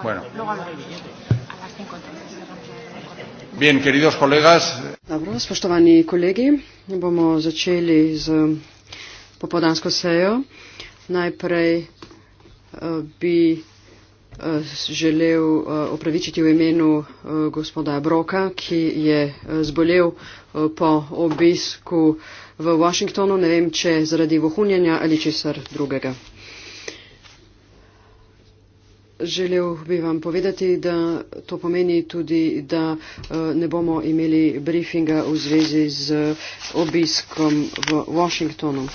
Bueno. Bien, queridos colegas. Dobro, spoštovani kolegi, bomo začeli z popodansko sejo. Najprej eh, bi eh, želel eh, opravičiti v imenu gospoda Broka, ki je zbolel po obisku v Washingtonu, ne vem, če zaradi vohunjanja ali česar drugega. Želel bi vam povedati, da to pomeni tudi, da eh, ne bomo imeli briefinga v zvezi z obiskom v Washingtonu.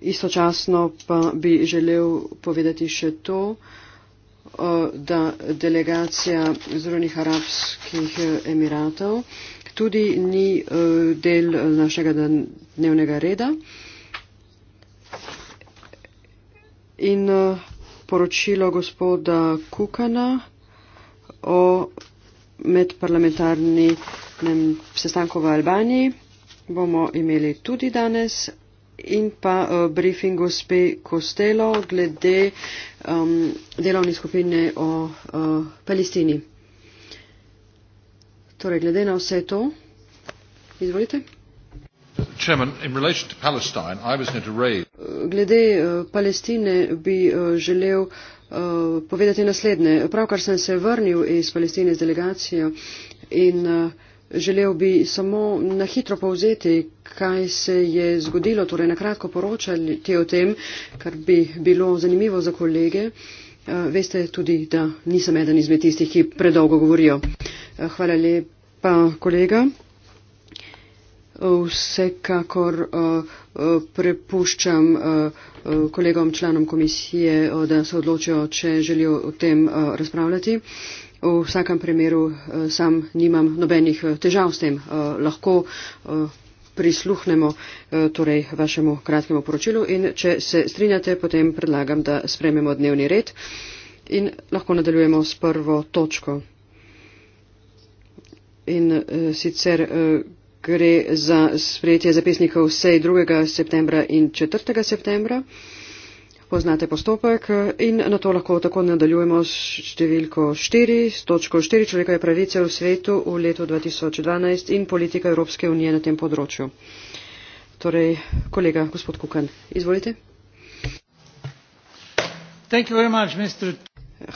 Istočasno pa bi želel povedati še to, eh, da delegacija Združenih arabskih eh, emiratov tudi ni del našega dnevnega reda. In poročilo gospoda Kukana o medparlamentarnem sestanku v Albaniji bomo imeli tudi danes in pa uh, briefing gospe Kostelo glede um, delovne skupine o uh, Palestini. Torej, glede na vse to, izvolite. Glede eh, Palestine bi eh, želel eh, povedati naslednje. Pravkar sem se vrnil iz Palestine z delegacijo in želel bi samo na hitro povzeti, kaj se je zgodilo, torej na kratko poročati o tem, kar bi bilo zanimivo za kolege. Veste tudi, da nisem eden izmed tistih, ki predolgo govorijo. Hvala lepa, kolega vsekakor eh, eh, prepuščam eh, kolegom članom komisije, da se odločijo, če želijo o tem razpravljati. V vsakem primeru sam nimam nobenih težav s tem. Lahko prisluhnemo torej, vašemu kratkemu poročilu in če se strinjate, potem predlagam, da sprememo dnevni red in lahko nadaljujemo s prvo točko. In sicer gre za sprejetje zapisnikov sej 2. septembra in 4. septembra. Poznate postopek in na to lahko tako nadaljujemo s številko 4, s točko 4 človekove pravice v svetu v letu 2012 in politika Evropske unije na tem področju. Torej, kolega gospod Kukan, izvolite.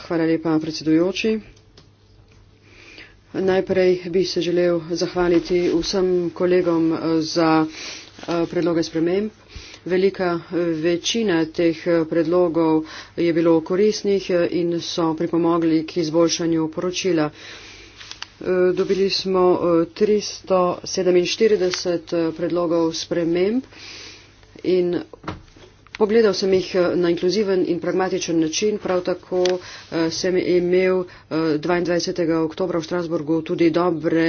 Hvala lepa, predsedujoči. Najprej bi se želel zahvaliti vsem kolegom eh, za eh, predloge sprememb. Velika eh, večina teh predlogov je bilo korisnih in so pripomogli k izboljšanju poročila. Dobili smo 347 predlogov sprememb in Pogledal sem jih eh, na inkluziven in pragmatičen način, prav tako eh, sem imel 22. Eh, oktobra v Strasburgu tudi dobre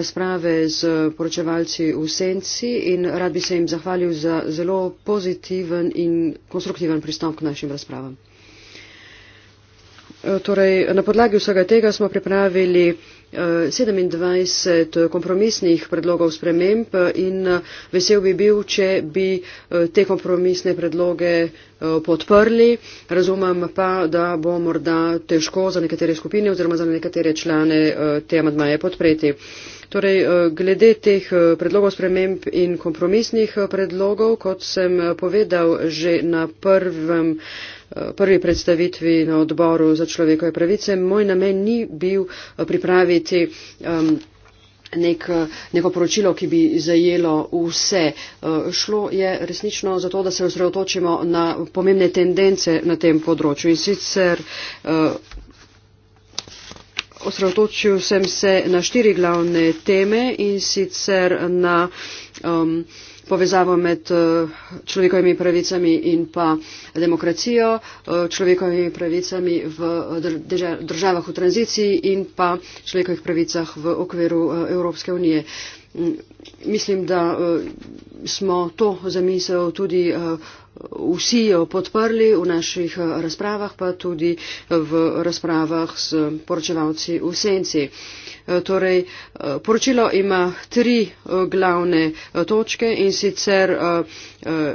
razprave z poročevalci v Senci in rad bi se jim zahvalil za zelo pozitiven in konstruktiven pristop k našim razpravam. Eh, torej, na podlagi vsega tega smo pripravili 27 eh, eh, kompromisnih predlogov sprememb in vesel bi bil, če bi te kompromisne predloge podprli. Razumem pa, da bo morda težko za nekatere skupine oziroma za nekatere člane te amadmaje podpreti. Torej, glede teh predlogov sprememb in kompromisnih predlogov, kot sem povedal že na prvem prvi predstavitvi na odboru za človekove pravice. Moj namen ni bil eh, pripraviti um, nek, neko poročilo, ki bi zajelo vse. Uh, šlo je resnično za to, da se osredotočimo na pomembne tendence na tem področju. In sicer uh, osredotočil sem se na štiri glavne teme in sicer na. Um, povezavo med eh, človekovimi pravicami in pa demokracijo, eh, človekovimi pravicami v eh, državah v tranziciji in pa človekovih pravicah v okviru Evropske unije. Mm, mislim, da smo to zamisel tudi vsi podprli v naših razpravah, pa tudi v razpravah s poročevalci v senci. Eh, torej, eh, poročilo ima tri eh, glavne točke in sicer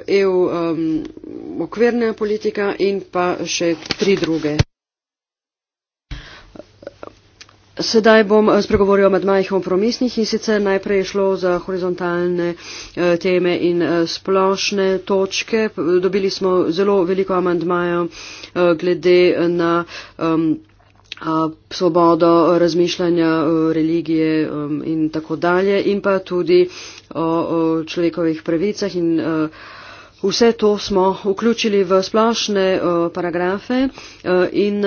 EU okvirna politika in pa še tri druge. Sedaj bom spregovoril o medmajih kompromisnih in sicer najprej je šlo za horizontalne teme in splošne točke. Dobili smo zelo veliko amandmajev glede na. Um, Eh, svobodo razmišljanja, eh, religije in tako dalje in pa tudi o, o človekovih pravicah in eh, vse to smo vključili v splošne paragrafe in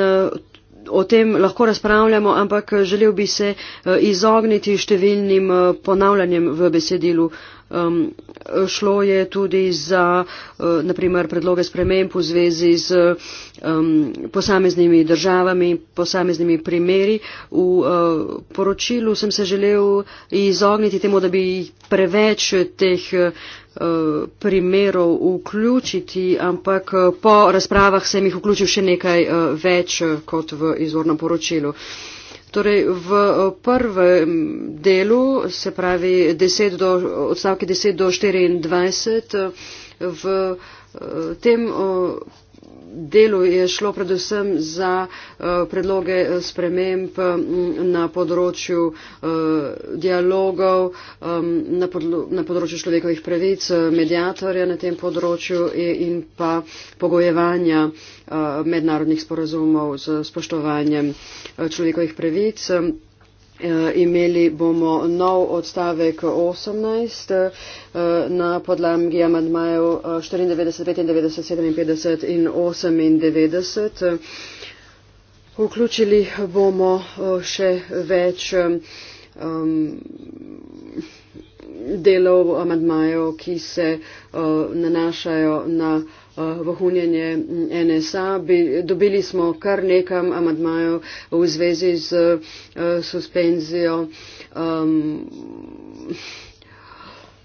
o tem lahko razpravljamo, ampak želel bi se izogniti številnim ponavljanjem v besedilu Um, šlo je tudi za uh, naprimer predloge sprememb v zvezi z um, posameznimi državami, posameznimi primeri. V uh, poročilu sem se želel izogniti temu, da bi preveč teh uh, primerov vključiti, ampak uh, po razpravah sem jih vključil še nekaj uh, več uh, kot v izvornem poročilu. Um, Torej, v eh, prvem delu, se pravi do, odstavki 10 do 24, eh, v eh, tem delu je šlo predvsem za eh, predloge eh, sprememb mm, na področju eh, dialogov, na področju človekovih pravic, medijatorja na tem področju in pa pogojevanja mednarodnih sporazumov z spoštovanjem človekovih pravic. Eh, imeli bomo nov odstavek 18 eh, na podlagi amadmajev 94, 95, 57 in 98. Vključili bomo eh, še več um, delov amadmajev, ki se uh, nanašajo na vohunjenje NSA. Dobili smo kar nekam amadmajev v zvezi z eh, suspenzijo um,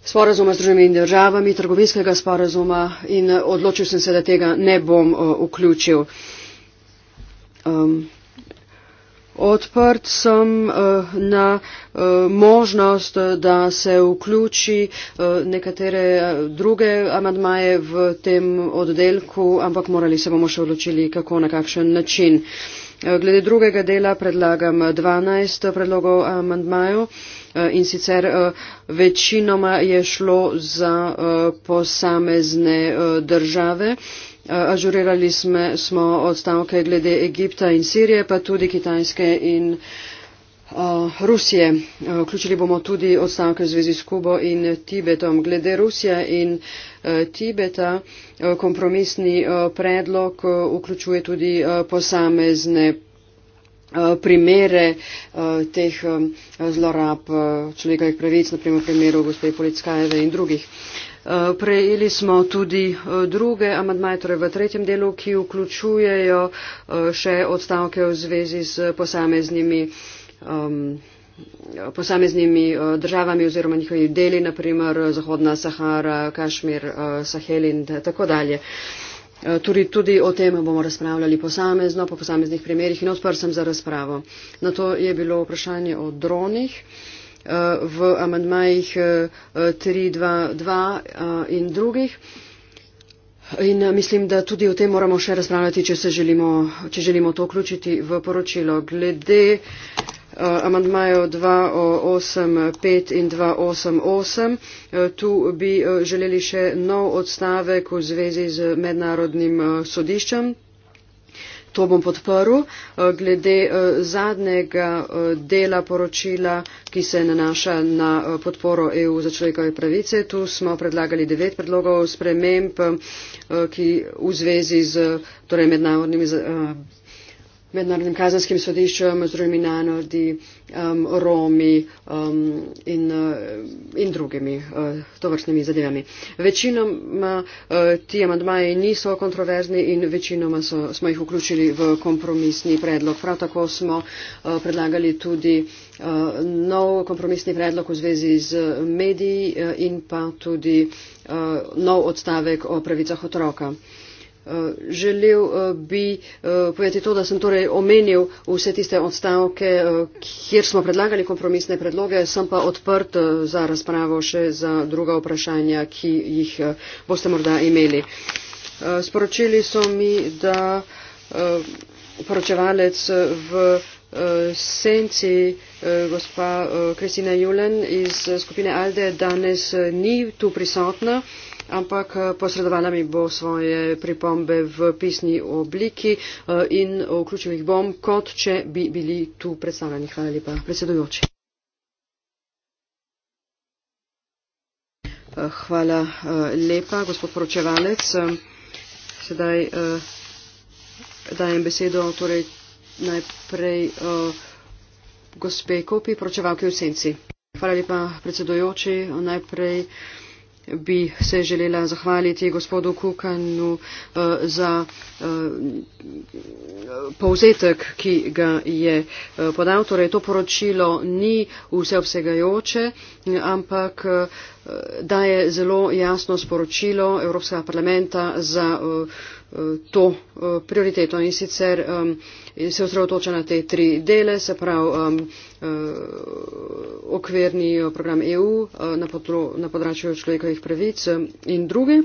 sporazuma z druženimi državami, trgovinskega sporazuma in eh, odločil sem se, da tega ne bom uh, vključil. Um, Odprt sem eh, na eh, možnost, da se vključi eh, nekatere druge amadmaje v tem oddelku, ampak morali se bomo še odločili, kako na kakšen način. Glede drugega dela predlagam 12 predlogov amandmajev in sicer večinoma je šlo za posamezne države. Ažurirali smo odstavke glede Egipta in Sirije, pa tudi Kitajske in Rusije. Vključili bomo tudi odstavke v zvezi s Kubo in Tibetom. Glede Rusije in Tibeta kompromisni predlog vključuje tudi posamezne primere teh zlorab človekovih pravic, naprimer v primeru gospe Policajeve in drugih. Eh, prejeli smo tudi eh, druge amadmaje, torej v tretjem delu, ki vključujejo eh, še odstavke v zvezi s posameznimi. Um, posameznimi državami oziroma njihovi deli, naprimer Zahodna Sahara, Kašmir, Sahel in tako dalje. Tudi, tudi o tem bomo razpravljali posamezno, po posameznih primerjih in odprl sem za razpravo. Na to je bilo vprašanje o dronih. Um, v amandmajih 3, 2, 2 in drugih. In eh, mislim, da tudi o tem moramo še razpravljati, če, želimo, če želimo to vključiti v poročilo. Glede eh, amandmajev 285 in 288, eh, tu bi želeli še nov odstavek v zvezi z mednarodnim sodiščem. To bom podporil. Eh, glede eh, zadnjega eh, dela poročila, ki se nanaša na podporo EU za človekove pravice, tu smo predlagali devet predlogov sprememb, ki v zvezi z torej mednarodnimi mednarodnim kazanskim sodiščem, um, združenimi narodi, um, Romi um, in, uh, in drugimi uh, tovrstnimi zadevami. Večinoma uh, ti amandmaji niso kontroverzni in večinoma so, smo jih vključili v kompromisni predlog. Prav tako smo uh, predlagali tudi uh, nov kompromisni predlog v zvezi z mediji uh, in pa tudi uh, nov odstavek o pravicah otroka. Uh, Eh, želel eh, bi eh, povedati to, da sem torej omenil vse tiste odstavke, kjer smo predlagali kompromisne predloge, sem pa odprt za razpravo še za druga vprašanja, ki jih boste morda imeli. Sporočili so mi, da poročevalec v senci gospa Kristina Julen iz skupine Alde danes ni tu prisotna ampak eh, posredovala mi bo svoje pripombe v pisni obliki eh, in vključil jih bom, kot če bi bili tu predstavljeni. Hvala lepa, predsedujoči. Eh, hvala lepa, gospod poročevalec. Sedaj dajem besedo torej najprej gospe Kopi, poročevalke v senci. Hvala lepa, predsedojoči. Najprej uh, bi se želela zahvaliti gospodu Kukanu eh, za eh, povzetek, ki ga je eh, podal. Torej, to poročilo ni vseobsegajoče, ampak daje zelo jasno sporočilo Evropskega parlamenta za eh, eh, to eh, prioriteto in sicer um, se osredotoča na te tri dele, se pravi um, okvirni program EU na, podro, na področju človekovih pravic in druge.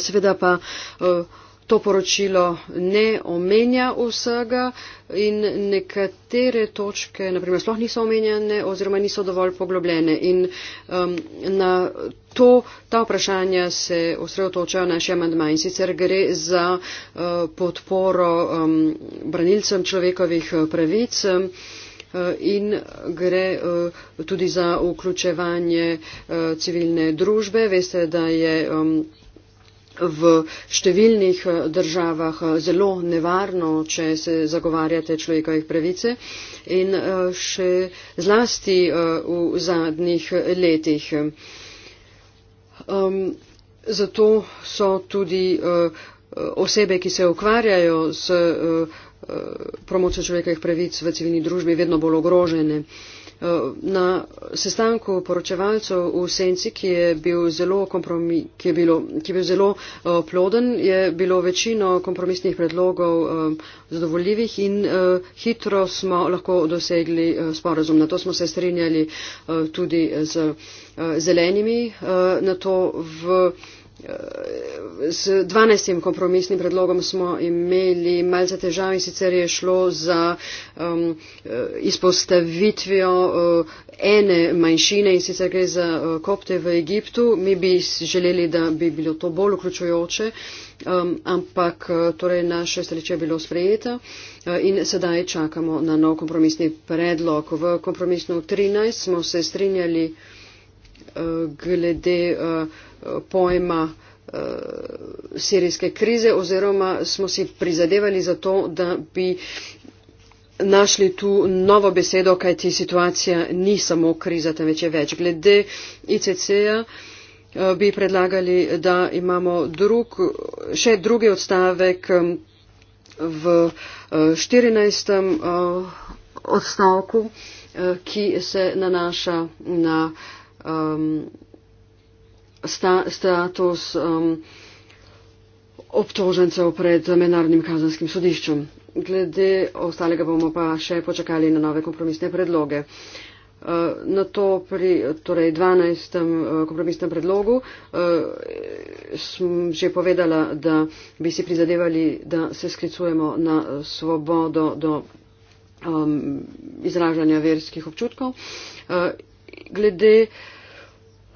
Seveda pa uh, to poročilo ne omenja vsega in nekatere točke, naprimer, sploh niso omenjene oziroma niso dovolj poglobljene. In um, na to, ta vprašanja se osredotočajo naši amandmaji. In sicer gre za uh, podporo um, branilcem človekovih uh, pravic um, in gre uh, tudi za vključevanje uh, civilne družbe. Veste, da je um, v številnih eh, državah eh, zelo nevarno, če se zagovarjate človekovih pravice in eh, še zlasti v zadnjih letih. Zato so tudi osebe, ki se ukvarjajo s promocijo človekovih pravic v civilni družbi, vedno bolj ogrožene. Eh, na sestanku poročevalcev v Senci, ki je bil zelo, kompromi, ki je bilo, ki je bil zelo eh, ploden, je bilo večino kompromisnih predlogov eh, zadovoljivih in hitro smo lahko dosegli sporazum. Na to smo se strinjali tudi z zelenimi. Na to v Z 12. kompromisnim predlogom smo imeli malce težav in sicer je šlo za um, izpostavitvijo uh, ene manjšine in sicer gre za uh, kopte v Egiptu. Mi bi želeli, da bi bilo to bolj vključujoče, um, ampak uh, torej naše stališče je bilo sprejeto uh, in sedaj čakamo na nov kompromisni predlog. V kompromisno 13 smo se strinjali glede eh, pojma eh, sirijske krize oziroma smo si prizadevali za to, da bi našli tu novo besedo, kajti situacija ni samo kriza, temveč je več. Glede ICC-ja eh, bi predlagali, da imamo drug, še drugi odstavek v 14. odstavku, ki se nanaša na um, sta, status um, obtožencev pred mednarodnim kazanskim sodiščem. Glede ostalega bomo pa še počakali na nove kompromisne predloge. Uh, na to pri torej 12. Uh, kompromisnem predlogu uh, sem že povedala, da bi si prizadevali, da se sklicujemo na svobodo do um, izražanja verskih občutkov. Glede uh,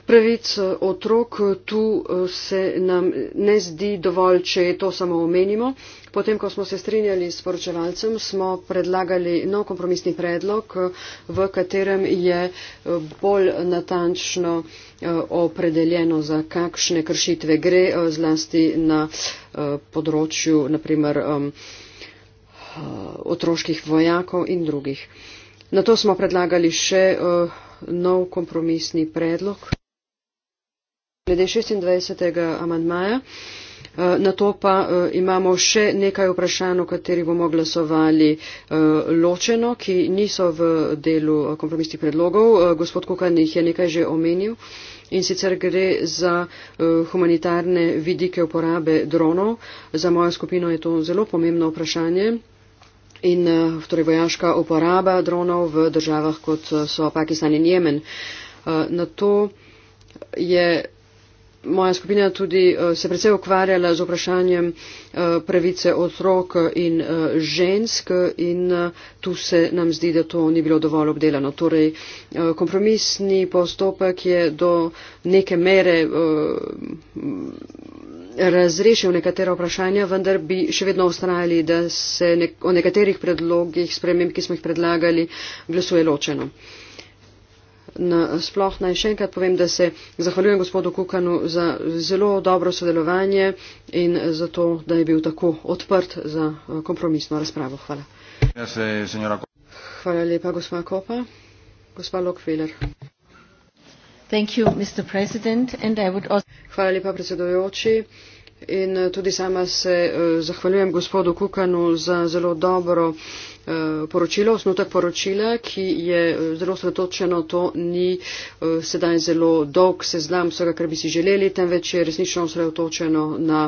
Pravic otrok tu eh, se nam ne zdi dovolj, če to samo omenimo. Potem, ko smo se strinjali s poročevalcem, smo predlagali nov kompromisni predlog, eh, v katerem je eh, bolj natančno opredeljeno, za kakšne kršitve gre, zlasti na področju naprimer otroških vojakov in drugih. Na to smo predlagali še nov kompromisni predlog. 26. amantmaja. Eh, na to pa eh, imamo še nekaj vprašanj, o kateri bomo glasovali eh, ločeno, ki niso v delu kompromisnih predlogov. Gospod Kukan jih je nekaj že omenil. In sicer gre za humanitarne vidike uporabe dronov. Za mojo skupino je to zelo pomembno vprašanje. In torej vojaška uporaba dronov v državah, kot so Pakistan in Jemen. Na to je moja skupina tudi eh, se predvsej ukvarjala z vprašanjem eh, pravice otrok eh, in žensk in tu se nam zdi, da to ni bilo dovolj obdelano. Torej, kompromisni postopek je do neke mere razrešil nekatera vprašanja, vendar bi še vedno ostrajali, da se o nekaterih predlogih sprememb, ki smo jih predlagali, glasuje ločeno sploh naj še enkrat povem, da se zahvaljujem gospodu Kukanu za zelo dobro sodelovanje in za to, da je bil tako odprt za eh, kompromisno razpravo. Hvala. Hvala lepa, gospa Kopa. Gospa Lokveler. Hvala lepa, predsedojoči. In eh, tudi sama se eh, zahvaljujem gospodu Kukanu za zelo dobro Eh, poročilo, osnutek poročila, ki je eh, zelo sredotočeno, to ni eh, sedaj zelo dolg seznam vsega, kar bi si želeli, temveč je resnično sredotočeno na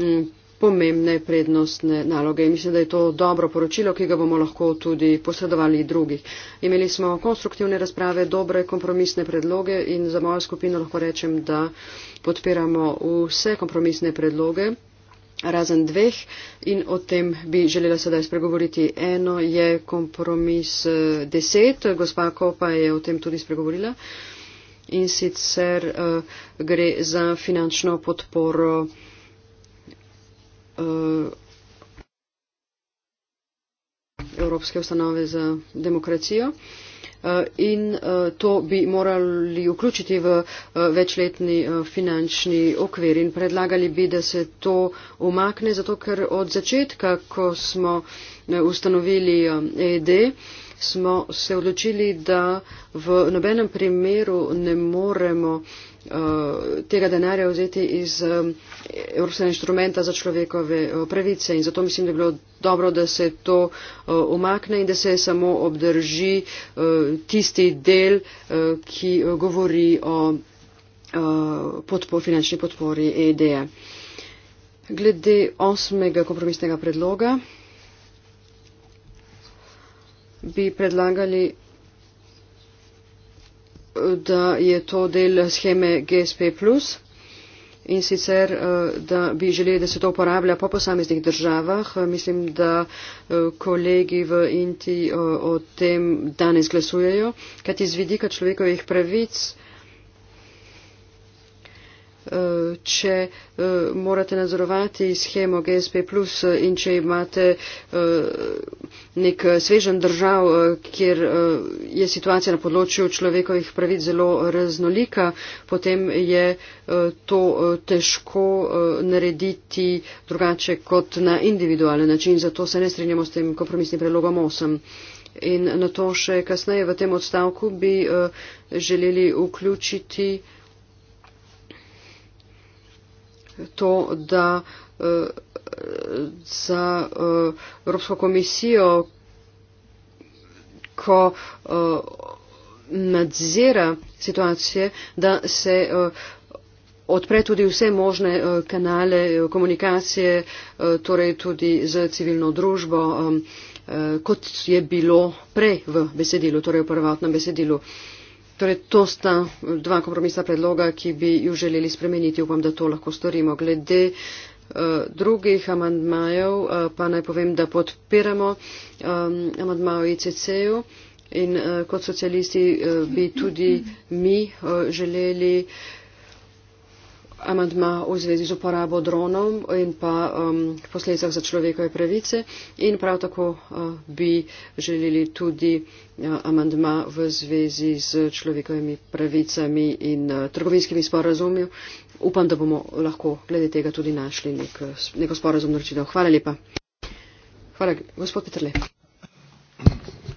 mm, pomembne prednostne naloge. Mislim, da je to dobro poročilo, ki ga bomo lahko tudi posredovali drugih. Imeli smo konstruktivne razprave, dobre kompromisne predloge in za mojo skupino lahko rečem, da podpiramo vse kompromisne predloge razen dveh in o tem bi želela sedaj spregovoriti. Eno je kompromis eh, deset, gospa Kopa je o tem tudi spregovorila in sicer uh, gre za finančno podporo. Uh, Evropske ustanove za demokracijo. Eh, in eh, to bi morali vključiti v eh, večletni finančni okvir in predlagali bi, da se to umakne, zato ker od začetka, ko smo ustanovili ED, e smo se odločili, da v nobenem primeru ne moremo Eh, tega denarja vzeti iz eh, Evropskega inštrumenta za človekove eh, pravice. In zato mislim, da je bilo dobro, da se to omakne in da se samo obdrži tisti del, ki govori o podpo, finančni podpori EDE. E. Glede osmega kompromisnega predloga bi predlagali da je to del scheme GSP. In sicer, eh, da bi želeli, da se to uporablja po posameznih državah. Eh, mislim, da eh, kolegi v Inti o tem danes glasujejo, kajti z vidika človekovih pravic. Eh, če eh, morate nadzorovati schemo GSP, eh, in če imate nek svežen držav, kjer je situacija na področju človekovih pravic zelo raznolika, potem je to težko narediti drugače kot na individualen način. Zato se ne strinjamo s tem kompromisnim predlogom 8. In na to še kasneje v tem odstavku bi želeli vključiti to, da uh, za uh, Evropsko komisijo, ko uh, nadzira situacije, da se uh, odpre tudi vse možne kanale komunikacije, torej tudi za civilno družbo, kot je bilo prej v besedilu, torej v prvotnem besedilu. Torej, to sta dva kompromisa predloga, ki bi ju želeli spremeniti. Upam, da to lahko storimo. Glede eh, drugih amandmajev eh, pa naj povem, da podpiramo ehm, amandmajo ICC-ju. In eh, kot socialisti bi tudi mi želeli amadma v zvezi z uporabo dronov in pa um, posledicah za človekove pravice in prav tako uh, bi želeli tudi uh, amadma v zvezi z človekovimi pravicami in uh, trgovinskimi sporazumi. Upam, da bomo lahko glede tega tudi našli nek, uh, neko sporazumno rečitev. Hvala lepa. Hvala, gospod Petrle.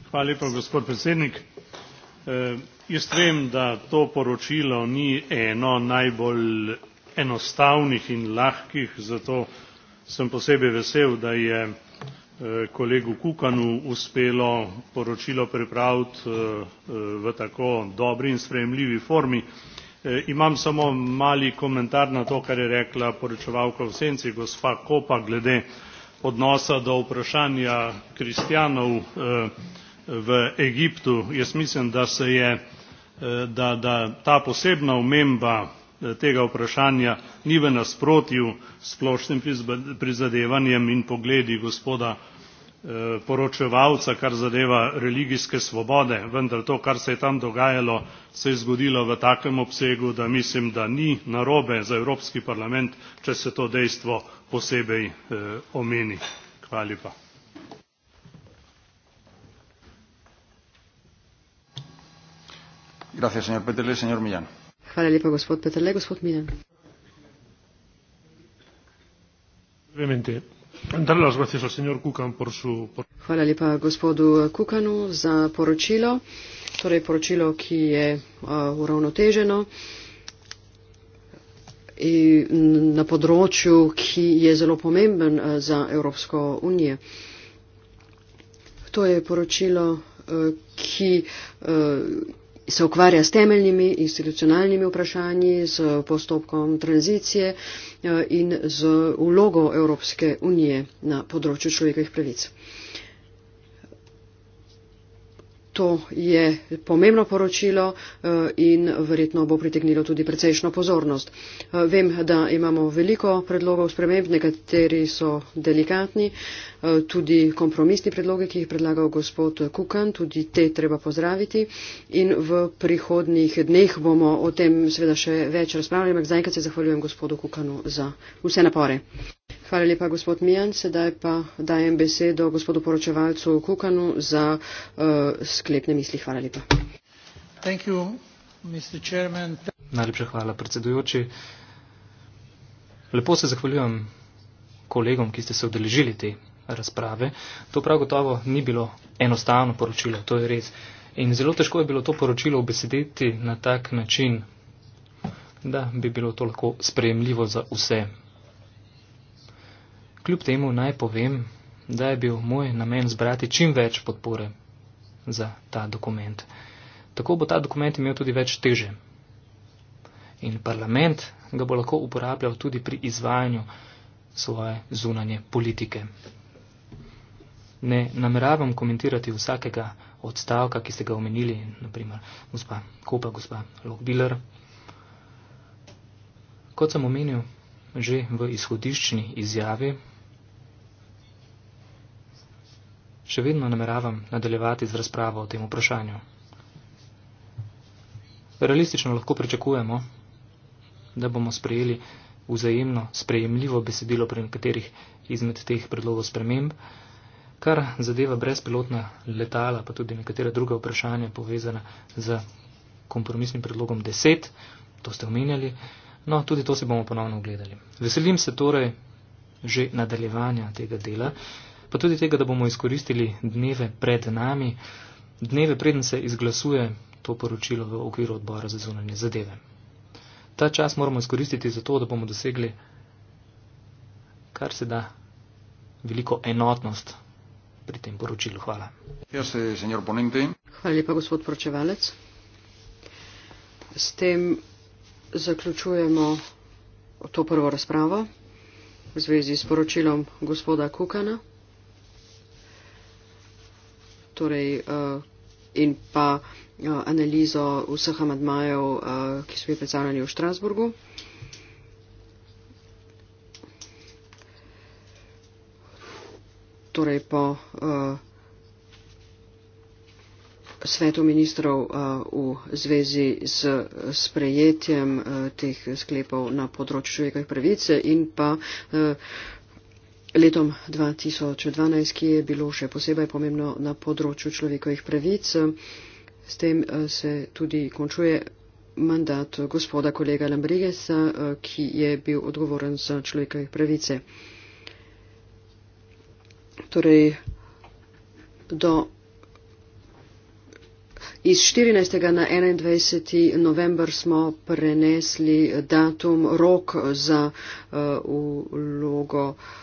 Hvala lepa, gospod predsednik. Eh, jaz vem da to poročilo ni eno najbolj enostavnih in lahkih zato sem posebej vesel da je eh, kolegu kukanu uspelo poročilo pripraviti eh, v tako dobri in sprejemljivi formi. imam samo mali komentar na to kar je rekla poročevalka v senci gospa kopa glede odnosa do vprašanja kristjanov v Egiptu. Jaz mislim, da se je eh, da, da ta posebna omemba eh, tega vprašanja ni v nasprotju s splošnim prizadevanjem in pogledi gospoda eh, poročevalca, kar zadeva religijske svobode, vendar to, kar se je tam dogajalo, se je zgodilo v takem obsegu, da mislim, da ni narobe za Evropski parlament, če se to dejstvo posebej omeni. Hvala lepa. Gracias, señor Peterle. Señor Millán. Hvala lepa, gospod Peterle. Gospod Millán. Brevemente. Dar las gracias al señor Kukan por su... Por... Hvala lepa gospodu Kukanu za poročilo, torej poročilo, ki je uh, uravnoteženo na področju, ki je zelo pomemben uh, za Evropsko unijo. To je poročilo, uh, ki. Uh, se ukvarja s temeljnimi institucionalnimi vprašanji, s postopkom tranzicije eh, in z ulogo Evropske unije na področju človekovih pravic. To je pomembno poročilo eh, in verjetno bo pritegnilo tudi precejšno pozornost. Eh, vem, da imamo veliko predlogov sprememb, nekateri so delikatni, eh, tudi kompromisni predloge, ki jih predlagal gospod Kukan, tudi te treba pozdraviti in v prihodnih dneh bomo o tem seveda še več razpravljali, ampak zaenkrat se zahvaljujem gospodu Kukanu za vse napore. Hvala lepa, gospod Mijan. Sedaj pa dajem besedo gospodu poročevalcu Kukanu za uh, sklepne misli. Hvala lepa. You, Najlepša hvala, predsedujoči. Lepo se zahvaljujem kolegom, ki ste se odeležili te razprave. To prav gotovo ni bilo enostavno poročilo, to je res. In zelo težko je bilo to poročilo obesediti na tak način, da bi bilo to lahko sprejemljivo za vse. Kljub temu naj povem, da je bil moj namen zbrati čim več podpore za ta dokument. Tako bo ta dokument imel tudi več teže. In parlament ga bo lahko uporabljal tudi pri izvajanju svoje zunanje politike. Ne nameravam komentirati vsakega odstavka, ki ste ga omenili, naprimer gospa Kopa, gospa Lokbiler. Kot sem omenil že v izhodiščni izjavi, še vedno nameravam nadaljevati z razpravo o tem vprašanju. Realistično lahko pričakujemo, da bomo sprejeli vzajemno sprejemljivo besedilo pri nekaterih izmed teh predlogov sprememb, kar zadeva brezpilotna letala, pa tudi nekatera druga vprašanja povezana z kompromisnim predlogom 10, to ste omenjali, no tudi to si bomo ponovno ogledali. Veselim se torej že nadaljevanja tega dela pa tudi tega, da bomo izkoristili dneve pred nami, dneve preden se izglasuje to poročilo v okviru odbora za zunanje zadeve. Ta čas moramo izkoristiti zato, da bomo dosegli kar se da veliko enotnost pri tem poročilu. Hvala. Eh, Hvala lepa, gospod pročevalec. S tem zaključujemo to prvo razpravo v zvezi s poročilom gospoda Kukana torej, uh, in pa uh, analizo vseh amadmajev, uh, ki so bili predstavljeni v Štrasburgu. Torej, po uh, svetu ministrov uh, v zvezi z sprejetjem uh, teh sklepov na področju človekovih pravice in pa uh, Letom 2012, ki je bilo še posebej pomembno na področju človekovih pravic, s tem eh, se tudi končuje mandat gospoda kolega Lambrigesa, eh, ki je bil odgovoren za človekove pravice. Torej, do iz 14. na 21. november smo prenesli datum rok za uh, vlogo uh,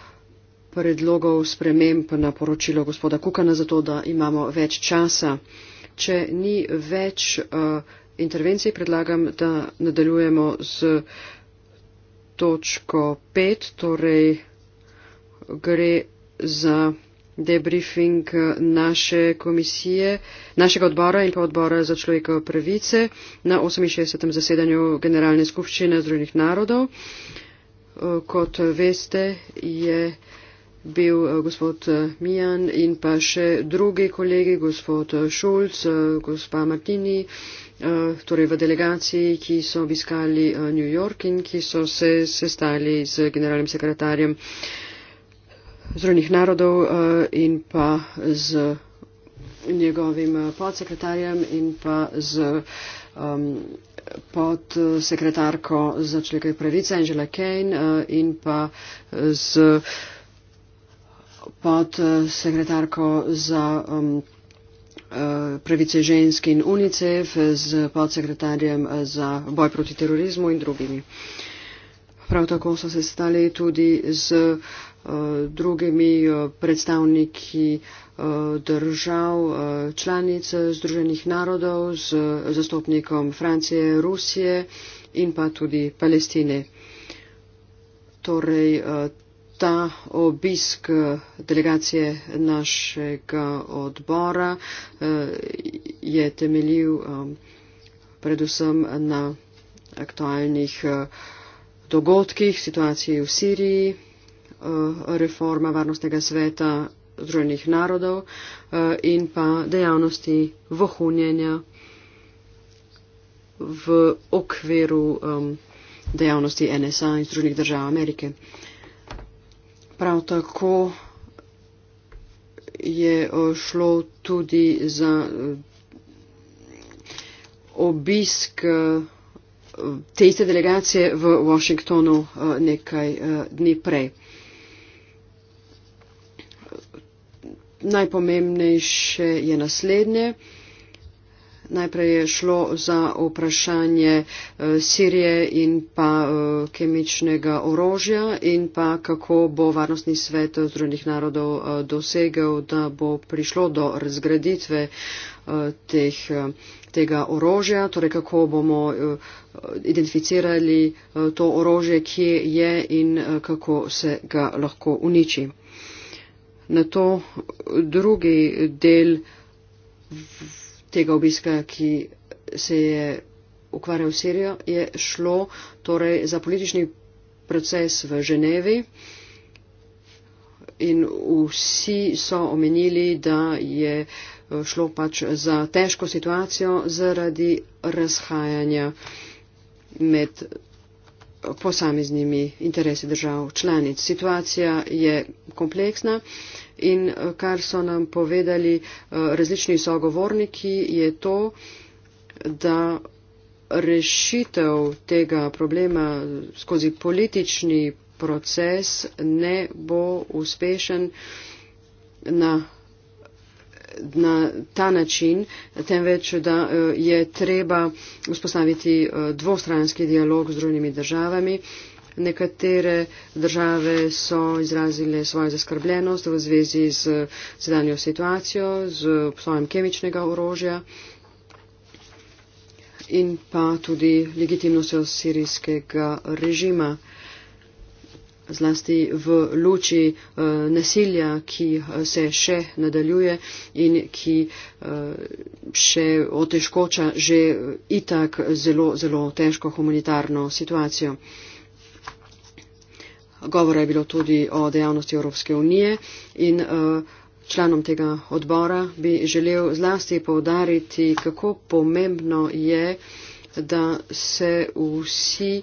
predlogov sprememb na poročilo gospoda Kukana, zato da imamo več časa. Če ni več uh, intervencij, predlagam, da nadaljujemo z točko 5, torej gre za debriefing eh, naše komisije, našega odbora in pa odbora za človekove pravice na 68. zasedanju Generalne skupščine Združenih narodov. Uh, kot veste, je uh, bil eh, gospod eh, Mijan in pa še drugi kolegi, gospod eh, Šulc, gospa Martini, torej v delegaciji, ki so obiskali New York in ki so se sestali z generalnim sekretarjem Združenih narodov in pa z njegovim podsekretarjem in pa z um, podsekretarko za človekove pravice Angela Kane in pa z uh, pod eh, sekretarko za um, eh, pravice žensk in UNICEF, z podsekretarjem eh, za boj proti terorizmu in drugimi. Prav tako so se stali tudi z uh, drugimi uh, predstavniki uh, držav uh, članic Združenih narodov, z zastopnikom Francije, Rusije in pa tudi Palestine. Torej, uh, ta obisk eh, delegacije našega odbora eh, je temeljil eh, predvsem na aktualnih dogodkih, situaciji v Siriji, reforma Varnostnega sveta Združenih narodov in pa dejavnosti vohunjenja v okviru dejavnosti NSA in Združenih držav Amerike. Prav tako je eh, šlo tudi za eh, obisk eh, te iste delegacije v Washingtonu nekaj dni prej. Najpomembnejše je naslednje. Najprej je šlo za vprašanje eh, Sirije in pa eh, kemičnega orožja in pa kako bo Varnostni svet Združenih narodov eh, dosegel, da bo prišlo do razgraditve teh, tega orožja, torej kako bomo identificirali to orožje, kje je in kako se ga lahko uniči. Na to drugi del. V tega obiska, ki se je ukvarjal s Sirijo, je šlo torej za politični proces v Ženevi. In vsi so omenili, da je eh, šlo pač za težko situacijo zaradi razhajanja med posameznimi interesi držav članic. Situacija je kompleksna in eh, kar so nam povedali eh, različni sogovorniki, je to, da rešitev tega problema skozi politični proces ne bo uspešen na, na ta način, temveč, da eh, je treba vzpostaviti dvostranski dialog z drugimi državami. Nekatere države so izrazile svojo zaskrbljenost v zvezi z sedanjo situacijo, z obstojem kemičnega orožja in pa tudi legitimnostjo sirijskega režima. Zlasti v luči uh, nasilja, ki eh, se še nadaljuje in ki uh, še otežkoča že itak zelo, zelo težko humanitarno situacijo govora je bilo tudi o dejavnosti Evropske unije in eh, članom tega odbora bi želel zlasti povdariti, kako pomembno je, da se vsi eh,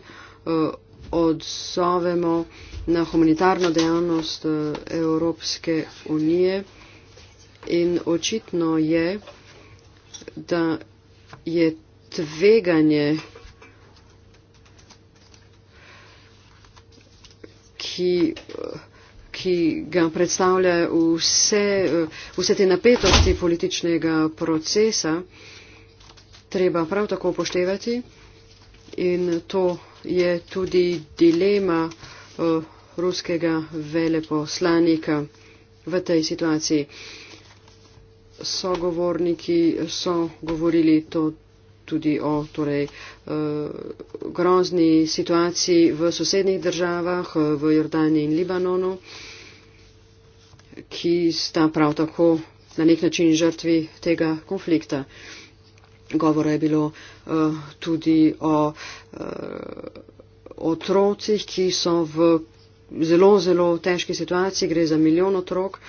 odzovemo na humanitarno dejavnost eh, Evropske unije in očitno je, da je tveganje ki, ki ga predstavlja vse, vse te napetosti političnega procesa, treba prav tako upoštevati. In to je tudi dilema eh, ruskega veleposlanika v tej situaciji. Sogovorniki so govorili to tudi o torej, eh, grozni situaciji v sosednjih državah, eh, v Jordaniji in Libanonu, ki sta prav tako na nek način žrtvi tega konflikta. Govora je bilo eh, tudi o otrocih, ki so v zelo, zelo težki situaciji, gre za milijon otrok.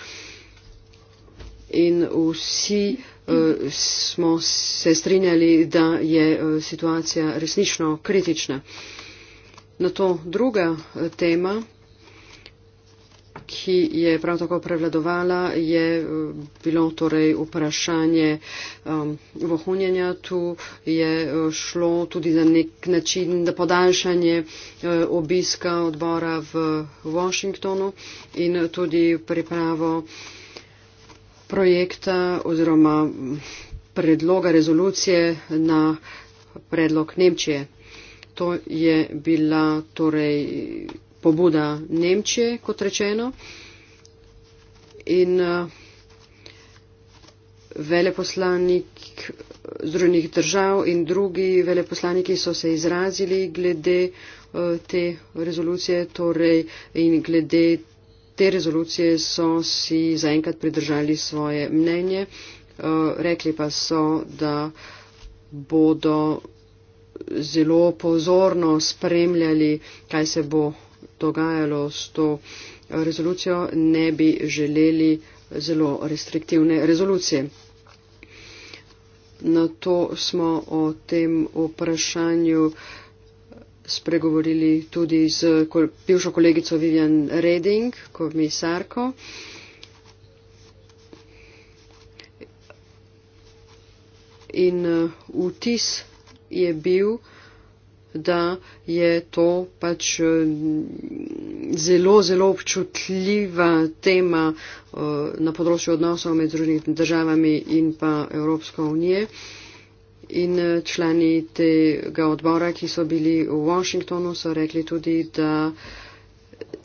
In vsi uh, Eh, smo se strinjali, da je eh, situacija resnično kritična. Na to druga eh, tema, ki je prav tako prevladovala, je bilo torej vprašanje um, vohunjenja. Tu je šlo tudi za nek način, da podaljšanje uh, obiska odbora v Washingtonu in tudi pripravo uh, projekta oziroma predloga rezolucije na predlog Nemčije. To je bila torej pobuda Nemčije, kot rečeno. In eh, veleposlanik Združenih držav in drugi veleposlaniki so se izrazili glede eh, te rezolucije torej in glede te rezolucije so si zaenkrat pridržali svoje mnenje, eh, rekli pa so, da bodo zelo pozorno spremljali, kaj se bo dogajalo s to eh, rezolucijo, ne bi želeli zelo restriktivne rezolucije. Na to smo o tem vprašanju uh, spregovorili tudi z bivšo kolegico Vivian Reding, komisarko. In uh, vtis je bil, da je to pač um, zelo, zelo občutljiva tema uh, na področju odnosov med drugimi državami in pa Evropsko unijo. In eh, člani tega odbora, ki so bili v Washingtonu, so rekli tudi, da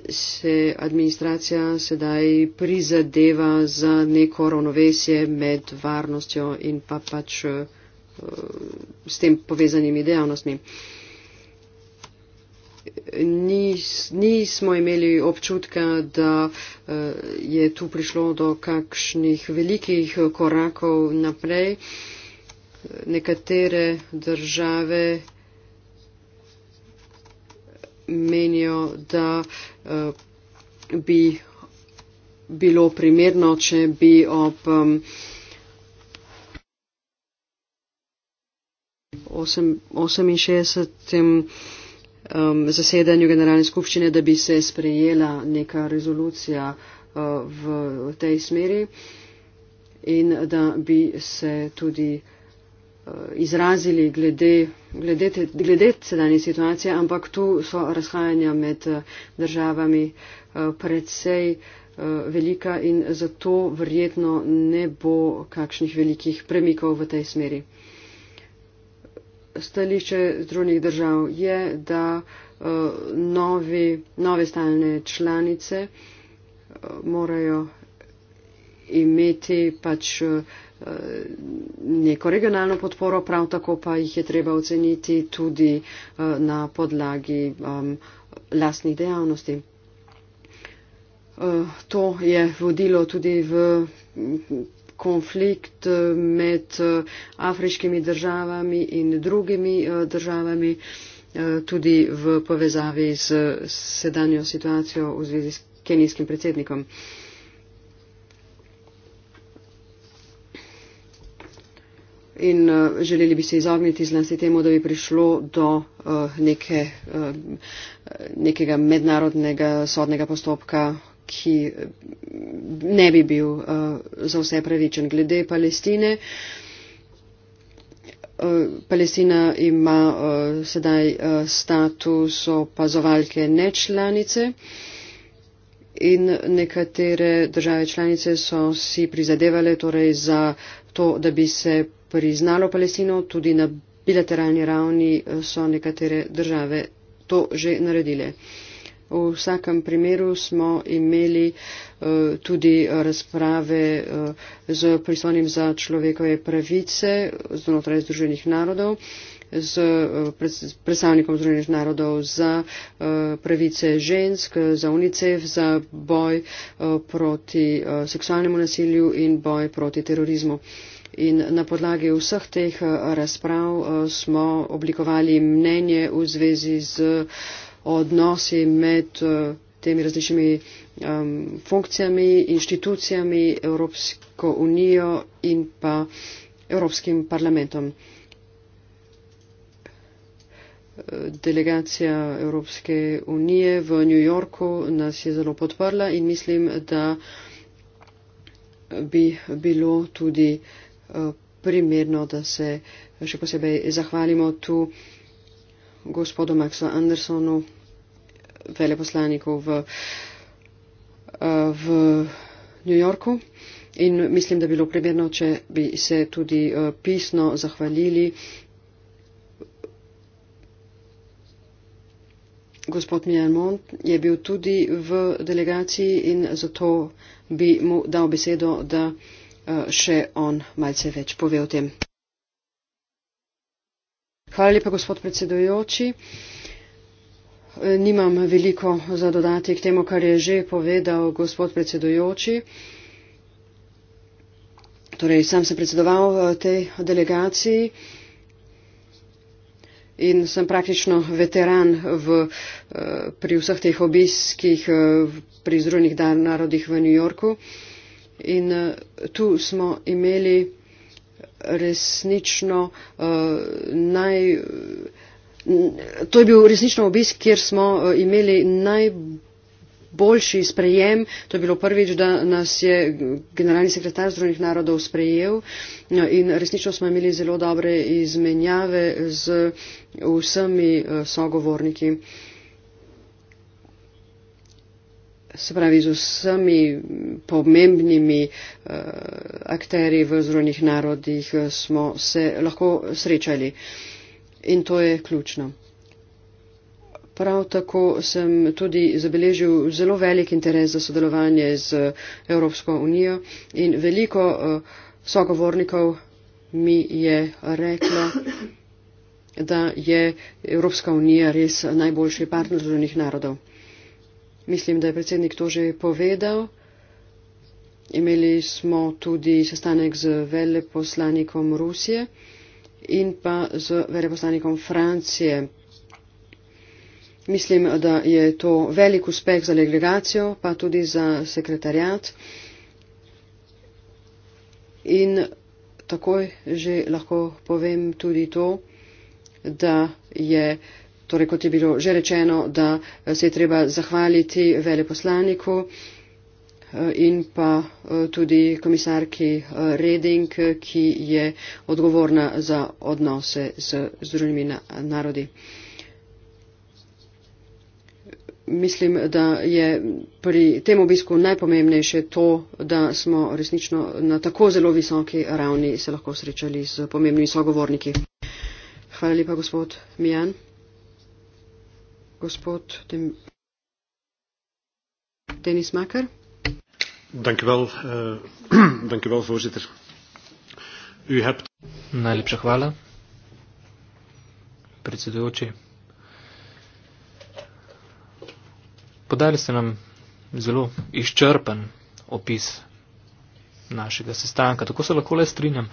se administracija sedaj prizadeva za neko ravnovesje med varnostjo in pa pač uh, s tem povezanimi dejavnostmi. Nis, nismo imeli občutka, da uh, je tu prišlo do kakšnih velikih korakov naprej. Uh, nekatere države menijo, da eh, bi bilo primerno, če bi ob 68. zasedanju Generalne skupščine, da bi se sprejela neka rezolucija eh, v tej smeri in da bi se tudi Eh, izrazili glede, glede, te, glede sedanje situacije, ampak tu so razhajanja med eh, državami eh, predvsej velika in zato verjetno ne bo kakšnih velikih premikov v tej smeri. Stališče združenih držav je, da novi, nove stalne članice morajo imeti pač Eh, neko regionalno podporo, prav tako pa jih je treba oceniti tudi eh, na podlagi lastnih dejavnosti. Eh, to je vodilo tudi v mm, konflikt med afriškimi državami in drugimi državami, tudi v povezavi z sedanjo situacijo v zvezi s kenijskim predsednikom. in eh, želeli bi se izogniti zlasti temu, da bi prišlo do eh, neke, eh, nekega mednarodnega sodnega postopka, ki ne bi bil za vse pravičen. Glede Palestine. Palestina ima sedaj status opazovalke nečlanice. In nekatere države članice so si prizadevale torej za to, da bi se priznalo Palestino, tudi na bilateralni ravni eh, so nekatere države to že naredile. V vsakem primeru smo imeli eh, tudi razprave z eh, pristojnim za človekove pravice znotraj Združenih narodov z eh, predstavnikom Združenih narodov za eh, pravice žensk, za UNICEF, za boj eh, proti seksualnemu nasilju in boj proti terorizmu. In na podlagi vseh teh razprav smo oblikovali mnenje v zvezi z odnosi med temi različnimi um, funkcijami, inštitucijami, Evropsko unijo in pa Evropskim parlamentom delegacija Evropske unije v New Yorku nas je zelo podprla in mislim, da bi bilo tudi eh, primerno, da se še posebej zahvalimo tu gospodu Maxu Andersonu, veleposlaniku v, eh, v New Yorku. In mislim, da bi bilo primerno, če bi se tudi eh, pisno zahvalili gospod Mijanmont je bil tudi v delegaciji in zato bi mu dal besedo, da eh, še on malce več pove o tem. Hvala lepa, gospod predsedujoči. Eh, nimam veliko za dodati k temu, kar je že povedal gospod predsedujoči. Torej, sam sem predsedoval eh, tej delegaciji in sem praktično veteran v, eh, pri vseh teh obiskih eh, pri Združenih narodih v New Yorku. In eh, tu smo imeli resnično naj. To je bil resnično obisk, kjer smo imeli najbolj boljši sprejem. To je bilo prvič, da nas je generalni sekretar Združenih narodov sprejel no, in resnično smo imeli zelo dobre izmenjave z vsemi eh, sogovorniki. Se pravi, z vsemi pomembnimi uh, eh, akteri v zrunih narodih eh, smo se lahko srečali. In to je ključno. Prav tako sem tudi zabeležil zelo velik interes za sodelovanje z Evropsko unijo in veliko eh, sogovornikov mi je reklo, da je Evropska unija res najboljši partner združenih narodov. Mislim, da je predsednik to že povedal. Imeli smo tudi sestanek z veleposlanikom Rusije in pa z veleposlanikom Francije. Mislim, da je to velik uspeh za legregacijo, pa tudi za sekretarjat. In takoj že lahko povem tudi to, da je, torej kot je bilo že rečeno, da se je treba zahvaliti veleposlaniku eh, in pa eh, tudi komisarki eh, Reding, ki je odgovorna za odnose z Združenimi narodi mislim, da je pri tem obisku najpomembnejše to, da smo resnično na tako zelo visoki ravni se lahko srečali z pomembnimi sogovorniki. Hvala lepa, gospod Mijan. Gospod Dem Denis Makar. Dankjewel, uh, voorzitter. U hebt. Najlepša hvala, predsedujoči. podali ste nam zelo izčrpen opis našega sestanka. Tako se lahko le strinjam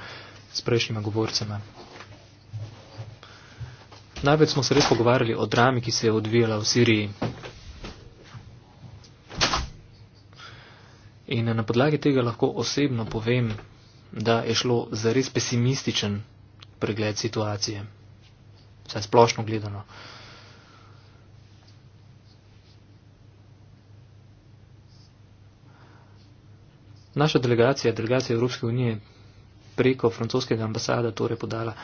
s prejšnjima govorcema. Največ smo se res pogovarjali o drami, ki se je odvijala v Siriji. In na podlagi tega lahko osebno povem, da je šlo za res pesimističen pregled situacije. Vsaj splošno gledano. Uh, naša delegacija, delegacija Evropske unije, preko francoskega ambasada torej podala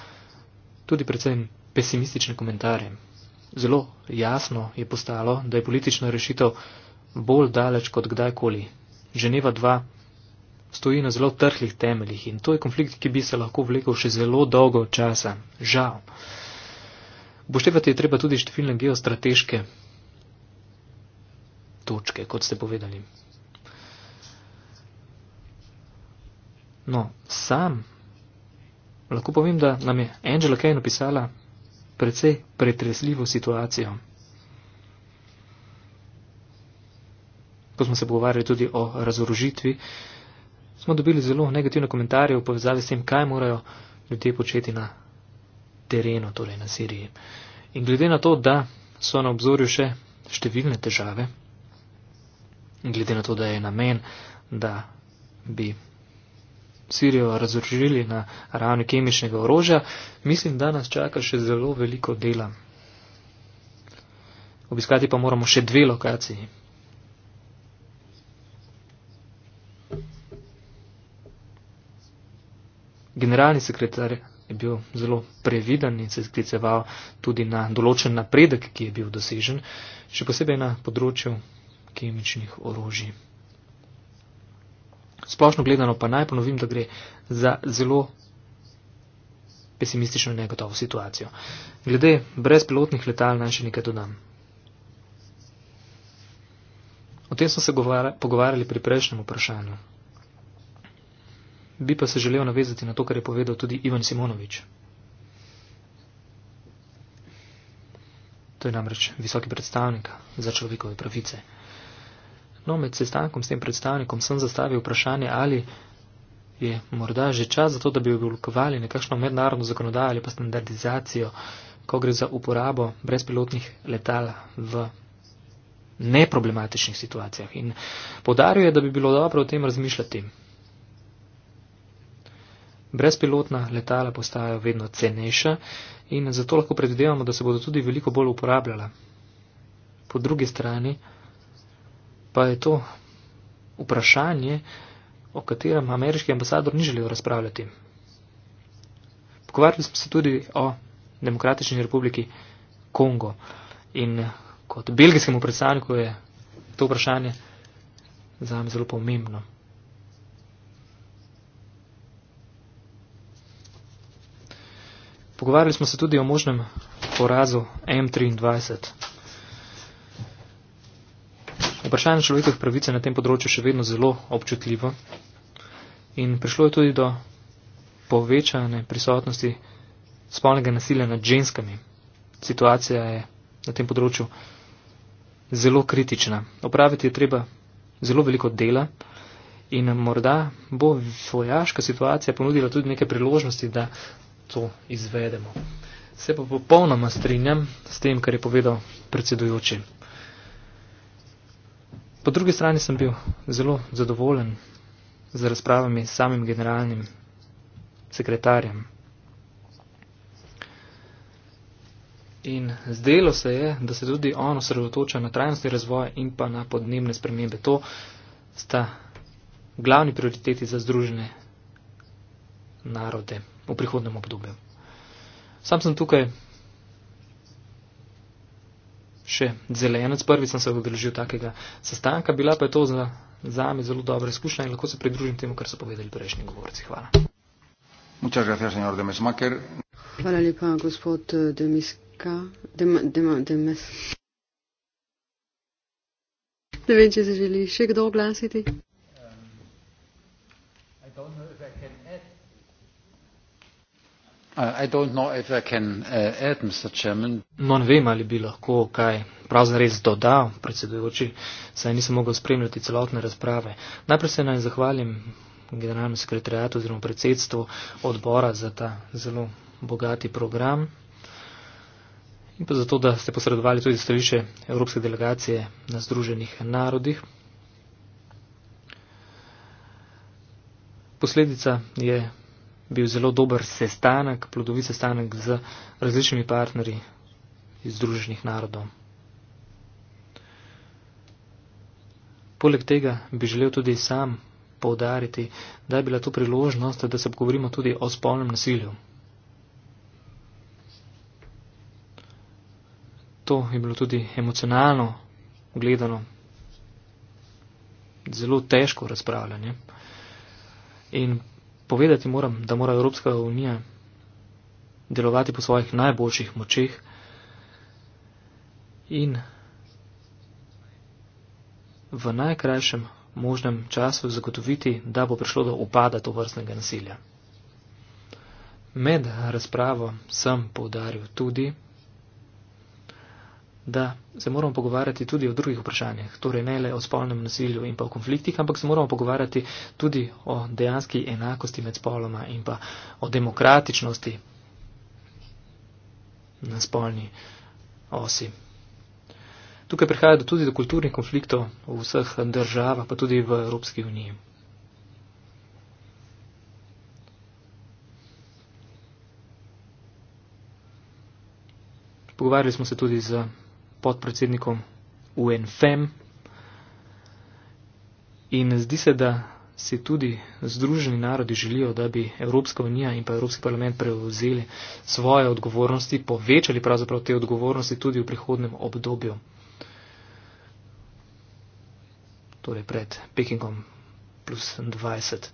tudi predvsem pesimistične komentarje. Zelo jasno je postalo, da je politična rešitev bolj daleč kot kdajkoli. Ženeva 2 stoji na zelo trhlih temeljih in to je konflikt, ki bi se lahko vlekel še zelo dolgo časa. Žal. Boštevati je treba tudi številne geostrateške točke, kot ste povedali. No, sam lahko povem, da nam je Angela Kay napisala precej pretresljivo situacijo. Ko smo se pogovarjali tudi o razorožitvi, smo dobili zelo negativne komentarje v povezavi s tem, kaj morajo ljudje početi na terenu, torej na Siriji. In glede na to, da so na obzorju še številne težave, in glede na to, da je namen, da bi Sirijo razorožili na ravni kemičnega orožja, mislim, da nas čaka še zelo veliko dela. Obiskati pa moramo še dve lokaciji. Generalni sekretar je bil zelo previden in se je skliceval tudi na določen napredek, ki je bil dosežen, še posebej na področju kemičnih orožij. Splošno gledano pa naj ponovim, da gre za zelo pesimistično in negotovo situacijo. Glede brezpilotnih letal naj še nekaj dodam. O tem smo se pogovarjali pri prejšnjem vprašanju. Bi pa se želel navezati na to, kar je povedal tudi Ivan Simonovič. To je namreč visoki predstavnik za človekove pravice. No, med sestankom s tem predstavnikom sem zastavil vprašanje, ali je morda že čas za to, da bi oblikovali nekakšno mednarodno zakonodajo ali pa standardizacijo, ko gre za uporabo brezpilotnih letal v neproblematičnih situacijah. In podaril je, da bi bilo dobro o tem razmišljati. Brezpilotna letala postajajo vedno cenejša in zato lahko predvidevamo, da se bodo tudi veliko bolj uporabljala. Po drugi strani pa je to vprašanje, o katerem ameriški ambasador ni želel razpravljati. Pogovarjali smo se tudi o Demokratični republiki Kongo in kot belgijskemu predstavniku je to vprašanje zame zelo pomembno. Pogovarjali smo se tudi o možnem porazu M23 vprašanje človekovih pravice na tem področju še vedno zelo občutljivo in prišlo je tudi do povečane prisotnosti spolnega nasilja nad ženskami. Situacija je na tem področju zelo kritična. Opraviti je treba zelo veliko dela in morda bo vojaška situacija ponudila tudi neke priložnosti, da to izvedemo. Se pa popolnoma strinjam s tem, kar je povedal predsedujoči. Po drugi strani sem bil zelo zadovoljen z razpravami s samim generalnim sekretarjem. In zdelo se je, da se tudi on osredotoča na trajnostni razvoj in pa na podnebne spremembe. To sta glavni prioriteti za združene narode v prihodnem obdobju. Sam sem tukaj še zelenec, prvi sem se odeležil takega sestanka, bila pa je to za, za me zelo dobra izkušnja in lahko se pridružim temu, kar so povedali prejšnji govorci. Hvala. Hvala lepa, gospod eh, Demiska. Dem, dem, dem, dem. Ne vem, če se želi še kdo oglasiti. Non uh, no, vem, ali bi lahko kaj pravzaprav dodal, predsedujoči, saj nisem mogel spremljati celotne razprave. Najprej se naj zahvalim generalnemu sekretarjatu oziroma predsedstvu odbora za ta zelo bogati program in pa zato, da ste posredovali tudi stališče Evropske delegacije na Združenih narodih. Posledica je bil zelo dober sestanek, plodovit sestanek z različnimi partnerji iz Združenih narodov. Poleg tega bi želel tudi sam povdariti, da je bila to priložnost, da se pogovorimo tudi o spolnem nasilju. To je bilo tudi emocionalno gledano, zelo težko razpravljanje. In Povedati moram, da mora Evropska unija delovati po svojih najboljših močeh in v najkrajšem možnem času zagotoviti, da bo prišlo do upada to vrstnega nasilja. Med razpravo sem poudaril tudi, da se moramo pogovarjati tudi o drugih vprašanjih, torej ne le o spolnem nasilju in pa o konfliktih, ampak se moramo pogovarjati tudi o dejanski enakosti med spoloma in pa o demokratičnosti na spolni osi. Tukaj prihaja do tudi do kulturnih konfliktov v vseh državah, pa tudi v Evropski uniji. Pogovarjali smo se tudi z podpredsednikom UNFEM. In zdi se, da si tudi združeni narodi želijo, da bi Evropska unija in pa Evropski parlament prevzeli svoje odgovornosti, povečali pravzaprav te odgovornosti tudi v prihodnem obdobju, torej pred Pekingom plus 20,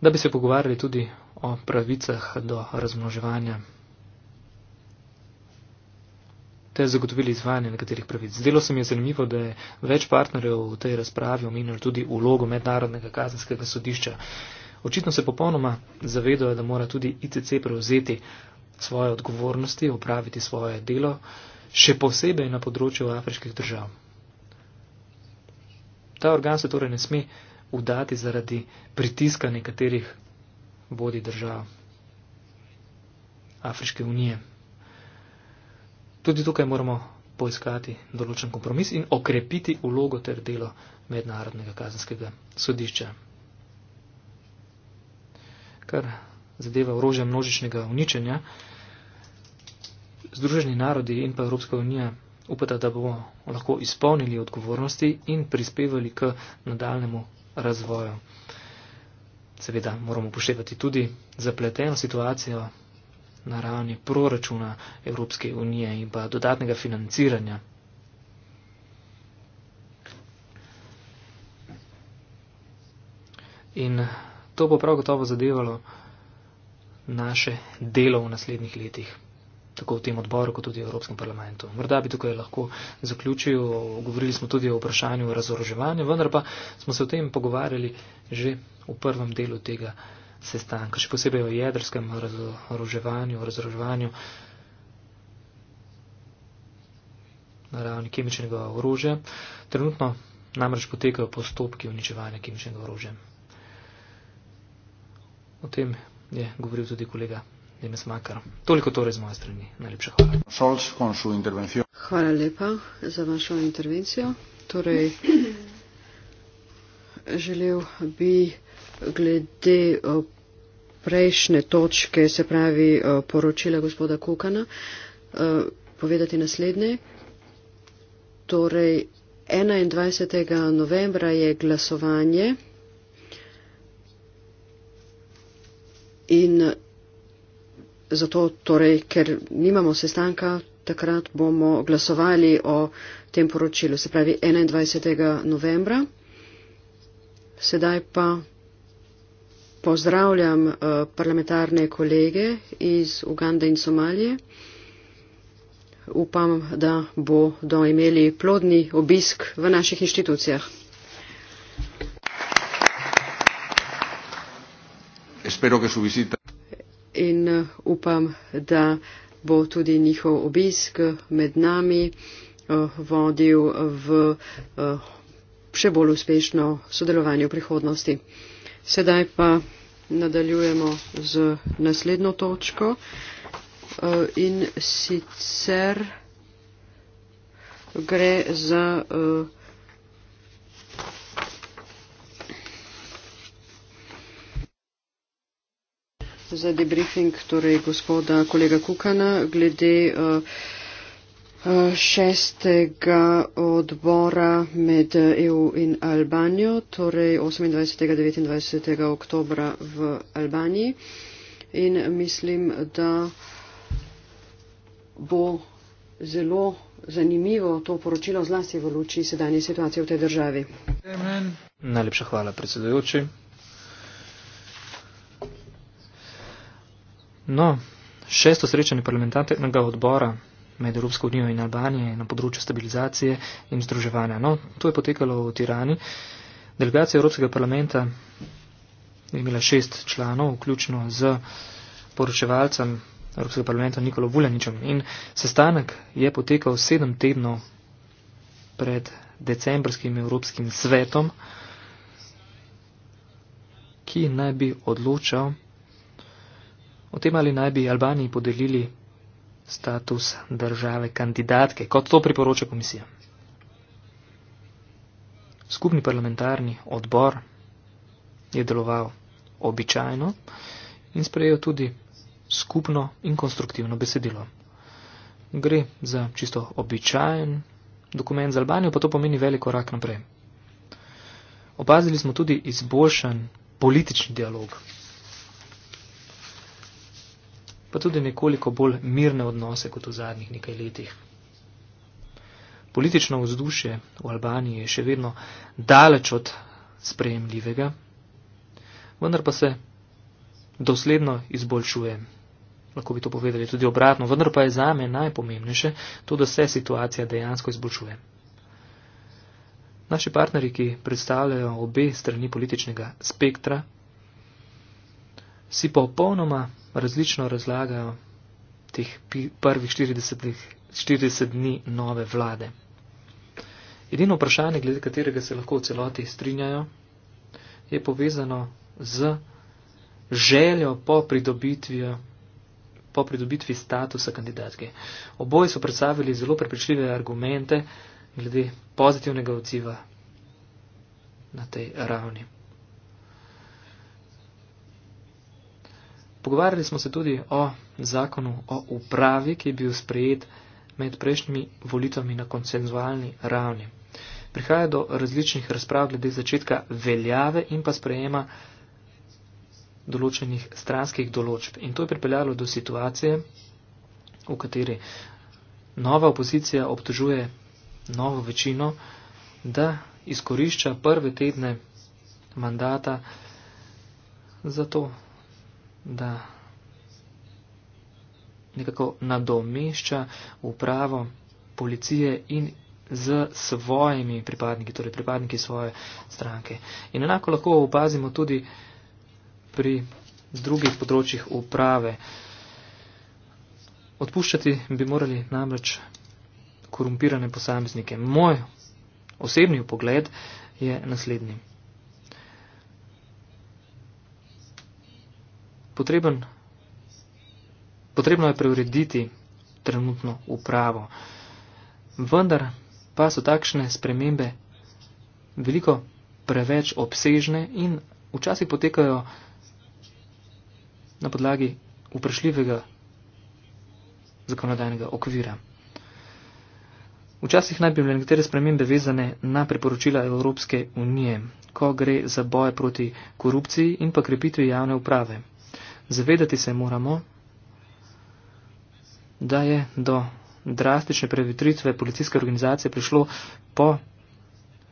da bi se pogovarjali tudi o pravicah do razmnoževanja te zagotovili izvajanje nekaterih pravic. Zdelo se mi je zanimivo, da je več partnerjev v tej razpravi omenil tudi ulogo mednarodnega kazenskega sodišča. Očitno se popolnoma zavedajo, da mora tudi ICC prevzeti svoje odgovornosti, upraviti svoje delo, še posebej na področju afriških držav. Ta organ se torej ne sme udati zaradi pritiska nekaterih vodi držav Afriške unije. Tudi tukaj moramo poiskati določen kompromis in okrepiti ulogo ter delo mednarodnega kazenskega sodišča. Kar zadeva orožje množičnega uničenja, Združeni narodi in pa Evropska unija upata, da bomo lahko izpolnili odgovornosti in prispevali k nadaljnemu razvoju. Seveda moramo poštevati tudi zapleteno situacijo na ravni proračuna Evropske unije in pa dodatnega financiranja. In to bo prav gotovo zadevalo naše delo v naslednjih letih, tako v tem odboru, kot tudi v Evropskem parlamentu. Morda bi tukaj lahko zaključil, govorili smo tudi o vprašanju razoroževanja, vendar pa smo se o tem pogovarjali že v prvem delu tega sestanka, še posebej o jedrskem razoroževanju, razoroževanju na ravni kemičnega orožja. Trenutno namreč potekajo postopki uničevanja kemičnega orožja. O tem je govoril tudi kolega Nemes Makar. Toliko torej z moje strani. Najlepša hvala. Hvala lepa za vašo intervencijo. Torej, želel bi glede prejšnje točke, se pravi poročila gospoda Kukana, povedati naslednje. Torej, 21. novembra je glasovanje in zato, torej, ker nimamo sestanka, takrat bomo glasovali o tem poročilu, se pravi 21. novembra. Sedaj pa pozdravljam eh, parlamentarne kolege iz Ugande in Somalije. Upam, da bodo imeli plodni obisk v naših inštitucijah. In eh, upam, da bo tudi njihov obisk med nami eh, vodil v še bolj uspešno sodelovanje v prihodnosti. Sedaj pa nadaljujemo z naslednjo točko eh, in sicer gre za eh, za debriefing torej gospoda kolega Kukana glede uh, šestega odbora med EU in Albanijo, torej 28.-29. oktobra v Albaniji. In mislim, da bo zelo zanimivo to poročilo zlasti v luči sedanje situacije v tej državi. Amen. Najlepša hvala, predsedujoči. No, šesto srečanje parlamentarnega odbora med Evropsko unijo in Albanije na področju stabilizacije in združevanja. No, to je potekalo v Tirani. Delegacija Evropskega parlamenta je imela šest članov, vključno z poročevalcem Evropskega parlamenta Nikolo Vuljaničem. In sestanek je potekal sedem tednov pred decembrskim Evropskim svetom, ki naj bi odločal o tem, ali naj bi Albaniji podelili status države kandidatke, kot to priporoča komisija. Skupni parlamentarni odbor je deloval običajno in sprejel tudi skupno in konstruktivno besedilo. Gre za čisto običajen dokument za Albanijo, pa to pomeni veliko korak naprej. Opazili smo tudi izboljšan politični dialog pa tudi nekoliko bolj mirne odnose kot v zadnjih nekaj letih. Politično vzdušje v Albaniji je še vedno daleč od sprejemljivega, vendar pa se dosledno izboljšuje. Lahko bi to povedali tudi obratno, vendar pa je zame najpomembnejše to, da se situacija dejansko izboljšuje. Naši partnerji, ki predstavljajo obe strani političnega spektra, si popolnoma različno razlagajo teh prvih 40, 40 dni nove vlade. Edino vprašanje, glede katerega se lahko v celoti strinjajo, je povezano z željo po pridobitvi po pridobitvi statusa kandidatke. Oboji so predstavili zelo prepričljive argumente glede pozitivnega odziva na tej ravni. Pogovarjali smo se tudi o zakonu o upravi, ki je bil sprejet med prejšnjimi volitvami na koncenzualni ravni. Prihaja do različnih razprav glede začetka veljave in pa sprejema določenih stranskih določb. In to je pripeljalo do situacije, v kateri nova opozicija obtožuje novo večino, da izkorišča prve tedne mandata za to, da nekako nadomešča upravo policije in z svojimi pripadniki, torej pripadniki svoje stranke. In enako lahko opazimo tudi pri drugih področjih uprave. Odpuščati bi morali namreč korumpirane posameznike. Moj osebni pogled je naslednji. potreben, potrebno je preurediti trenutno upravo. Vendar pa so takšne spremembe veliko preveč obsežne in včasih potekajo na podlagi uprešljivega zakonodajnega okvira. Včasih naj bi bile nekatere spremembe vezane na priporočila Evropske unije, ko gre za boje proti korupciji in pa krepitvi javne uprave. Zavedati se moramo, da je do drastične prevetritve policijske organizacije prišlo po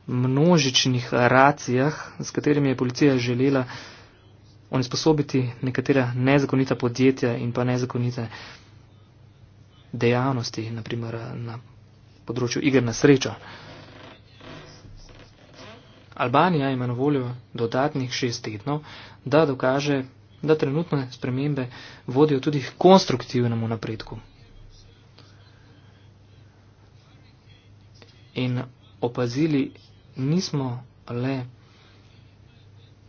množičnih racijah, s katerimi je policija želela onesposobiti nekatera nezakonita podjetja in pa nezakonite dejavnosti, naprimer na področju igr na srečo. Albanija ima na voljo dodatnih šest tednov, da dokaže da trenutne spremembe vodijo tudi konstruktivnemu napredku. In opazili nismo le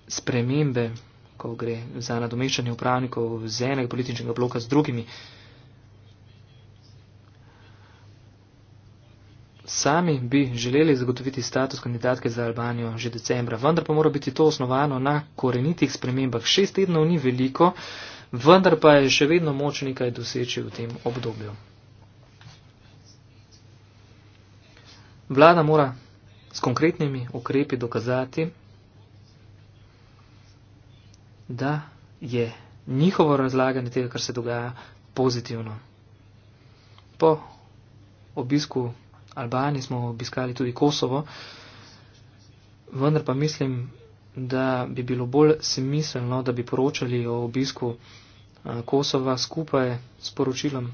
spremembe, ko gre za nadomeščanje upravnikov z enega političnega bloka z drugimi, Sami bi želeli zagotoviti status kandidatke za Albanijo že decembra, vendar pa mora biti to osnovano na korenitih spremembah. Šest tednov ni veliko, vendar pa je še vedno moč nekaj doseči v tem obdobju. Vlada mora s konkretnimi ukrepi dokazati, da je njihovo razlaganje tega, kar se dogaja, pozitivno. Po obisku Albanijo, smo obiskali tudi Kosovo, vendar pa mislim, da bi bilo bolj smiselno, da bi poročali o obisku eh, Kosova skupaj s poročilom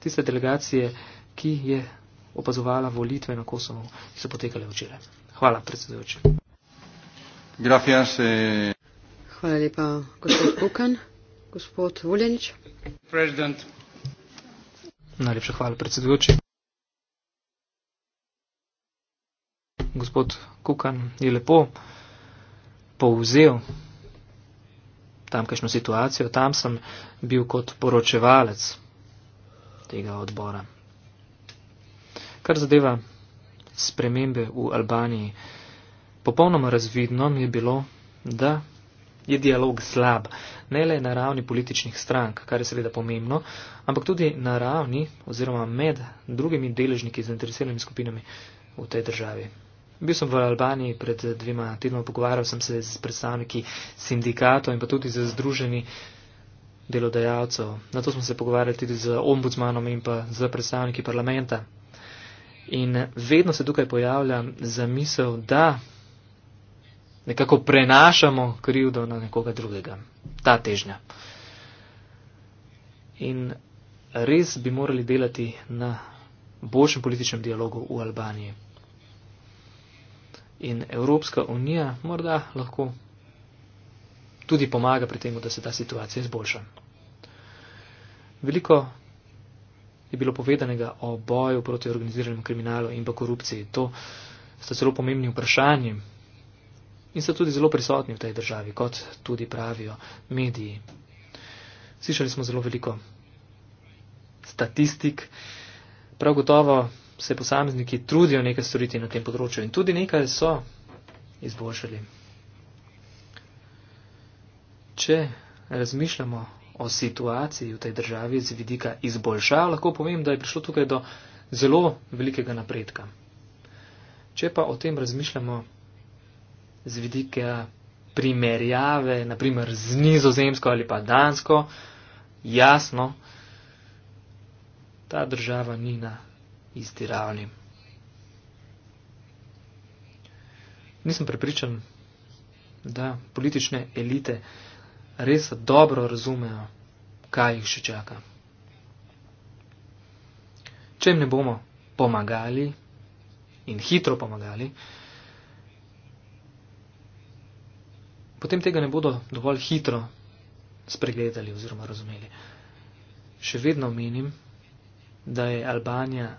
tiste delegacije, ki je opazovala volitve na Kosovo, ki so potekale včeraj. Hvala, predsedujoči. Eh. Hvala lepa, gospod Pukan. Gospod Vuljenič. Najlepša hvala, predsedujoči. gospod Kukan je lepo povzel tamkajšnjo situacijo. Tam sem bil kot poročevalec tega odbora. Kar zadeva spremembe v Albaniji, popolnoma razvidno mi je bilo, da je dialog slab, ne le na ravni političnih strank, kar je seveda pomembno, ampak tudi na ravni oziroma med drugimi deležniki zainteresiranimi skupinami v tej državi. Bil sem v Albaniji pred eh, dvema tednoma, pogovarjal sem se s predstavniki sindikatov in pa tudi z združeni delodajalcev. Na to smo se pogovarjali tudi z ombudsmanom in pa z predstavniki parlamenta. In vedno se tukaj pojavlja zamisel, da nekako prenašamo krivdo na nekoga drugega. Ta težnja. In res bi morali delati na boljšem političnem dialogu v Albaniji in Evropska unija morda lahko tudi pomaga pri tem, da se ta situacija izboljša. Veliko je bilo povedanega o boju proti organiziranemu kriminalu in pa korupciji. To sta zelo pomembni vprašanji in so tudi zelo prisotni v tej državi, kot tudi pravijo mediji. Slišali smo zelo veliko statistik. Prav gotovo se posamezniki trudijo nekaj storiti na tem področju in tudi nekaj so izboljšali. Če razmišljamo o situaciji v tej državi z vidika izboljšav, lahko povem, da je prišlo tukaj do zelo velikega napredka. Če pa o tem razmišljamo z vidika primerjave, naprimer z nizozemsko ali pa dansko, jasno, ta država ni na izdiravnim. Nisem prepričan, da politične elite res dobro razumejo, kaj jih še čaka. Če jim ne bomo pomagali in hitro pomagali, potem tega ne bodo dovolj hitro spregledali oziroma razumeli. Še vedno menim, da je Albanija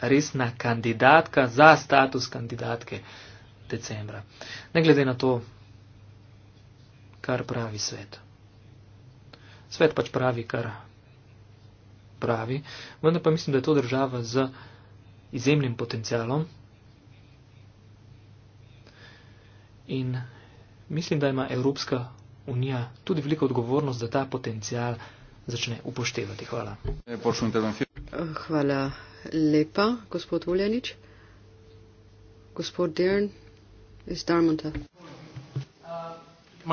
resna kandidatka za status kandidatke decembra. Ne glede na to, kar pravi svet. Svet pač pravi, kar pravi, vendar pa mislim, da je to država z izjemnim potencialom in mislim, da ima Evropska unija tudi veliko odgovornost, da ta potencial začne upoštevati. Hvala. Hvala lepa, gospod Uljanič. Gospod Dern iz Darmonta. Uh,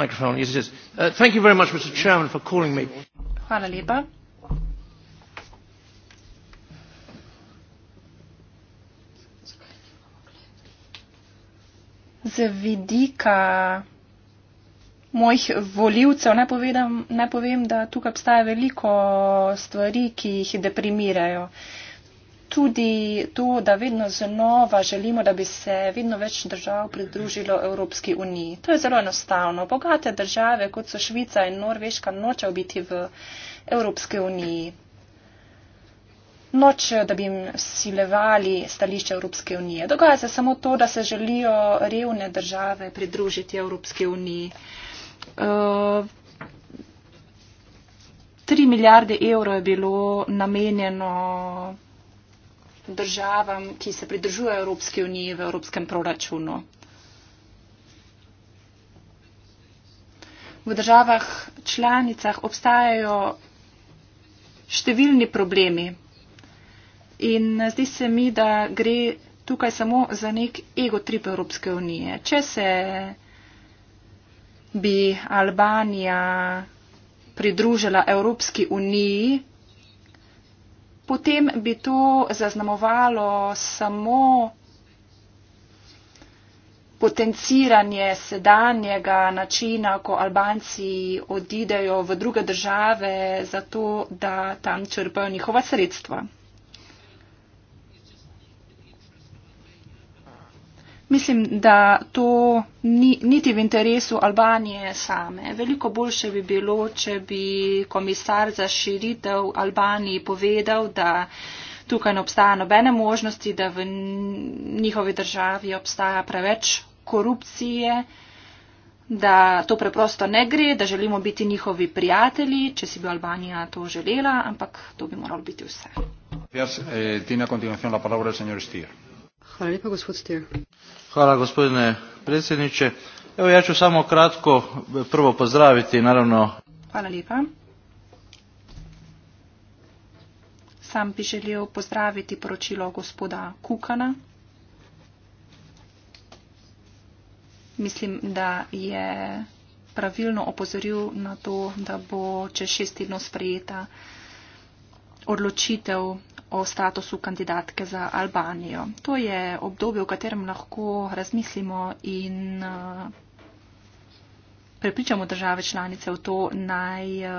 Hvala lepa. Z vidika mojih voljivcev ne, povedam, ne povem, da tukaj obstaja veliko stvari, ki jih deprimirajo. Uh, tudi to, da vedno znova želimo, da bi se vedno več držav pridružilo Evropski uniji. To je zelo enostavno. Bogate države, kot so Švica in Norveška, nočejo biti v Evropski uniji. Nočejo, da bi jim silevali stališče Evropske unije. Dogaja se samo to, da se želijo revne države pridružiti Evropske uniji. Uh, 3 milijarde evrov je bilo namenjeno državam, ki se pridružujejo Evropski uniji v evropskem proračunu. V državah članicah obstajajo številni problemi in zdi se mi, da gre tukaj samo za nek ego trip Evropske unije. Če se bi Albanija pridružila Evropski uniji, potem bi to zaznamovalo samo potenciranje sedanjega načina, ko Albanci odidejo v druge države, zato da tam črpajo njihova sredstva. Mislim, da to ni, niti v interesu Albanije same. Veliko boljše bi bilo, če bi komisar za širitev Albaniji povedal, da tukaj ne obstaja nobene možnosti, da v njihovi državi obstaja preveč korupcije, da to preprosto ne gre, da želimo biti njihovi prijatelji, če si bi Albanija to želela, ampak to bi moralo biti vse. Jaz, eh, Hvala gospodine predsjedniče. Evo ja ću samo kratko prvo pozdraviti naravno. Hvala lijepa. Sam bi želio pozdraviti poročilo gospoda Kukana. Mislim, da je pravilno opozoril na to, da bo čez šest tednov sprejeta odločitev o statusu kandidatke za Albanijo. To je obdobje, v katerem lahko razmislimo in eh, prepričamo države članice v to, naj eh,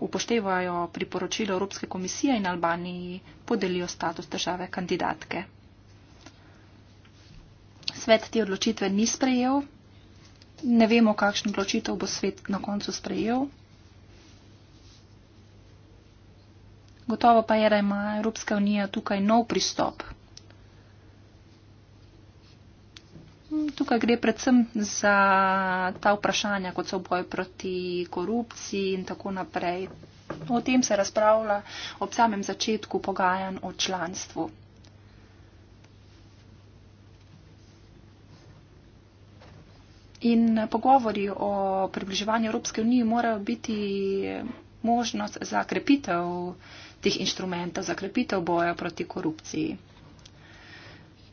upoštevajo priporočilo Evropske komisije in Albaniji podelijo status države kandidatke. Svet te odločitve ni sprejel. Ne vemo, kakšno odločitev bo svet na koncu sprejel. Gotovo pa je, da ima Evropska unija tukaj nov pristop. Tukaj gre predvsem za ta vprašanja, kot so boj proti korupciji in tako naprej. O tem se razpravlja ob samem začetku pogajanj o članstvu. In pogovori o približevanju Evropske unije morajo biti možnost za krepitev teh inštrumentov, za krepitev boja proti korupciji.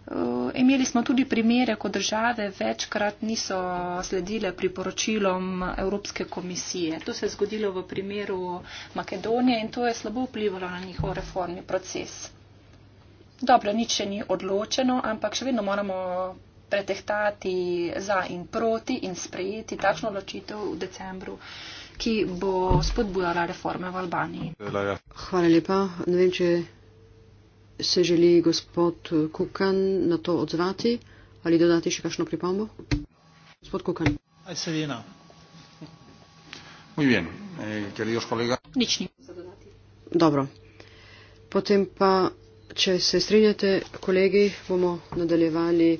Uh, imeli smo tudi primere, ko države večkrat niso sledile priporočilom Evropske komisije. To se je zgodilo v primeru Makedonije in to je slabo vplivalo na njihov reformni proces. Dobro, nič še ni odločeno, ampak še vedno moramo pretehtati za in proti in sprejeti takšno odločitev v decembru ki bo spodbujala reforme v Albaniji. Hvala lepa. Ne vem, če se želi gospod Kukan na to odzvati ali dodati še kakšno pripombo. Gospod Kukan. Aj se vina. Muy bien. Eh, kolega. Nič ni. Dobro. Potem pa, če se strinjate, kolegi, bomo nadaljevali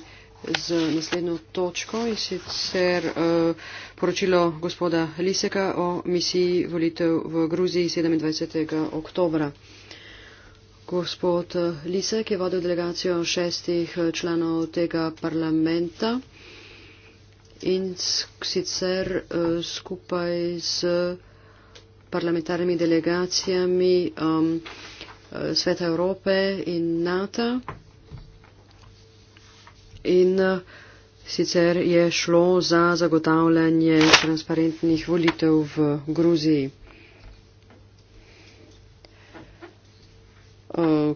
z naslednjo točko in sicer uh, poročilo gospoda Liseka o misiji volitev v Gruziji 27. oktobra. Gospod eh, Lisek je vodil delegacijo šestih eh, članov tega parlamenta in sicer uh, skupaj z parlamentarnimi delegacijami um, Sveta Evrope in NATO in eh, sicer je šlo za zagotavljanje transparentnih volitev v Gruziji. Eh,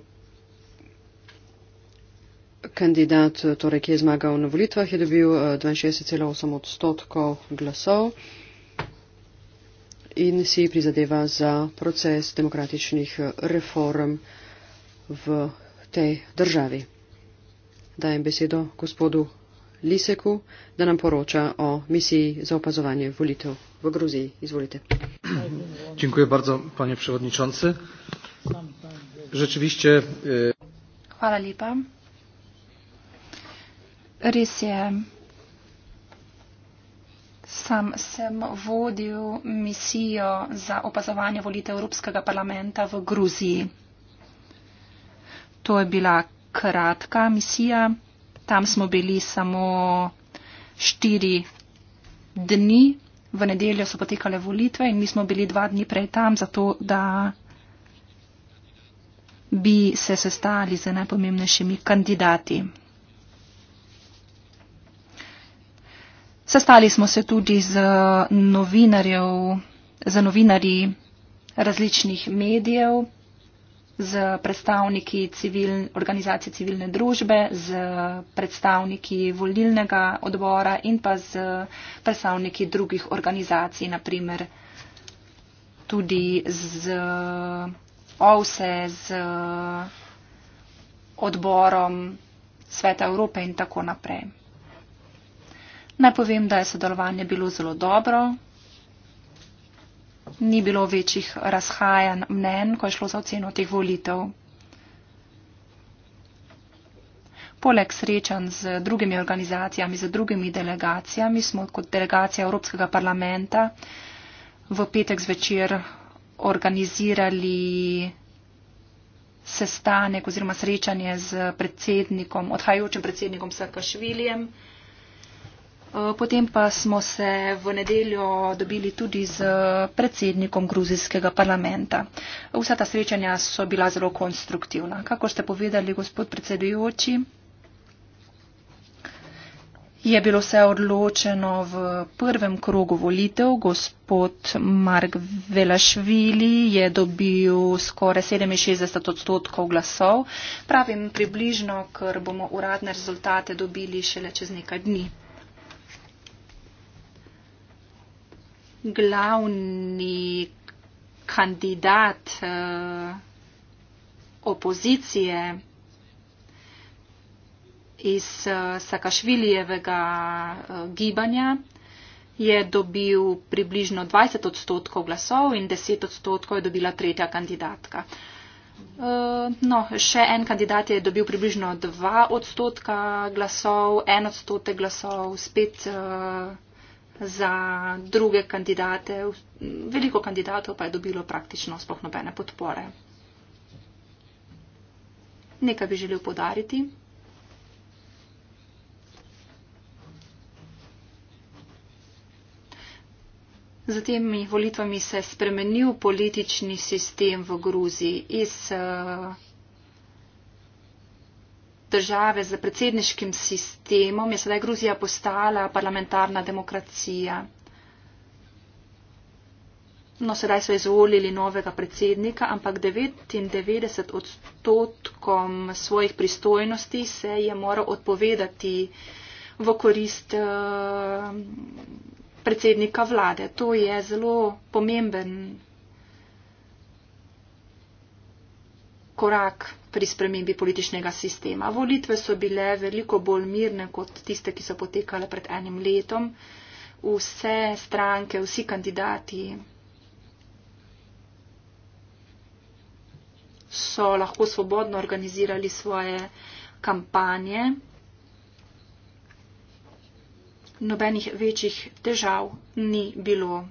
kandidat, torej, ki je zmagal na volitvah, je dobil 62,8 eh, odstotkov glasov in si prizadeva za proces demokratičnih reform v tej državi dajem besedo gospodu Liseku, da nam poroča o misiji za opazovanje volitev v Gruziji. Izvolite. Dziękuję bardzo, panie przewodniczący. Rzeczywiście. E, Hvala lepa. Res je, sam sem vodil misijo za opazovanje volitev Evropskega parlamenta v Gruziji. To je bila kratka misija. Tam smo bili samo štiri dni, v nedeljo so potekale volitve in mi smo bili dva dni prej tam, zato da bi se sestali z najpomembnejšimi kandidati. Sestali smo se tudi z, z novinarji različnih medijev z predstavniki civil, organizacije civilne družbe, z predstavniki volilnega odbora in pa z predstavniki drugih organizacij, naprimer tudi z OVSE, z odborom Sveta Evrope in tako naprej. Naj povem, da je sodelovanje bilo zelo dobro, ni bilo večjih razhajanj mnen, ko je šlo za oceno teh volitev. Poleg srečanj z drugimi organizacijami, z drugimi delegacijami, smo kot delegacija Evropskega parlamenta v petek zvečer organizirali sestanek oziroma srečanje z predsednikom, odhajajočim predsednikom Sarkašvilijem. Eh, potem pa smo se v nedeljo dobili tudi z predsednikom gruzijskega parlamenta. Vsa ta srečanja so bila zelo konstruktivna. Kako ste povedali, gospod predsedujoči, je bilo vse odločeno v prvem krogu volitev. Gospod Mark Velašvili je dobil skoraj 67 odstotkov glasov. Pravim približno, ker bomo uradne rezultate dobili šele čez nekaj dni. glavni kandidat eh, opozicije iz eh, Sakašvilijevega eh, gibanja je dobil približno 20 odstotkov glasov in 10 odstotkov je dobila tretja kandidatka. No, še en kandidat je dobil približno 2 odstotka glasov, 1 odstotek glasov, spet za druge kandidate. Veliko kandidatov pa je dobilo praktično sploh nobene podpore. Nekaj bi želel podariti. Za temi volitvami se je spremenil politični sistem v Gruziji iz uh, države z predsedniškim sistemom je sedaj Gruzija postala parlamentarna demokracija. No, sedaj so izvolili novega predsednika, ampak 99 odstotkom svojih pristojnosti se je moral odpovedati v korist eh, predsednika vlade. To je zelo pomemben korak pri spremembi političnega sistema. Volitve so bile veliko bolj mirne kot tiste, ki so potekale pred enim letom. Vse stranke, vsi kandidati so lahko svobodno organizirali svoje kampanje. Nobenih večjih težav ni bilo.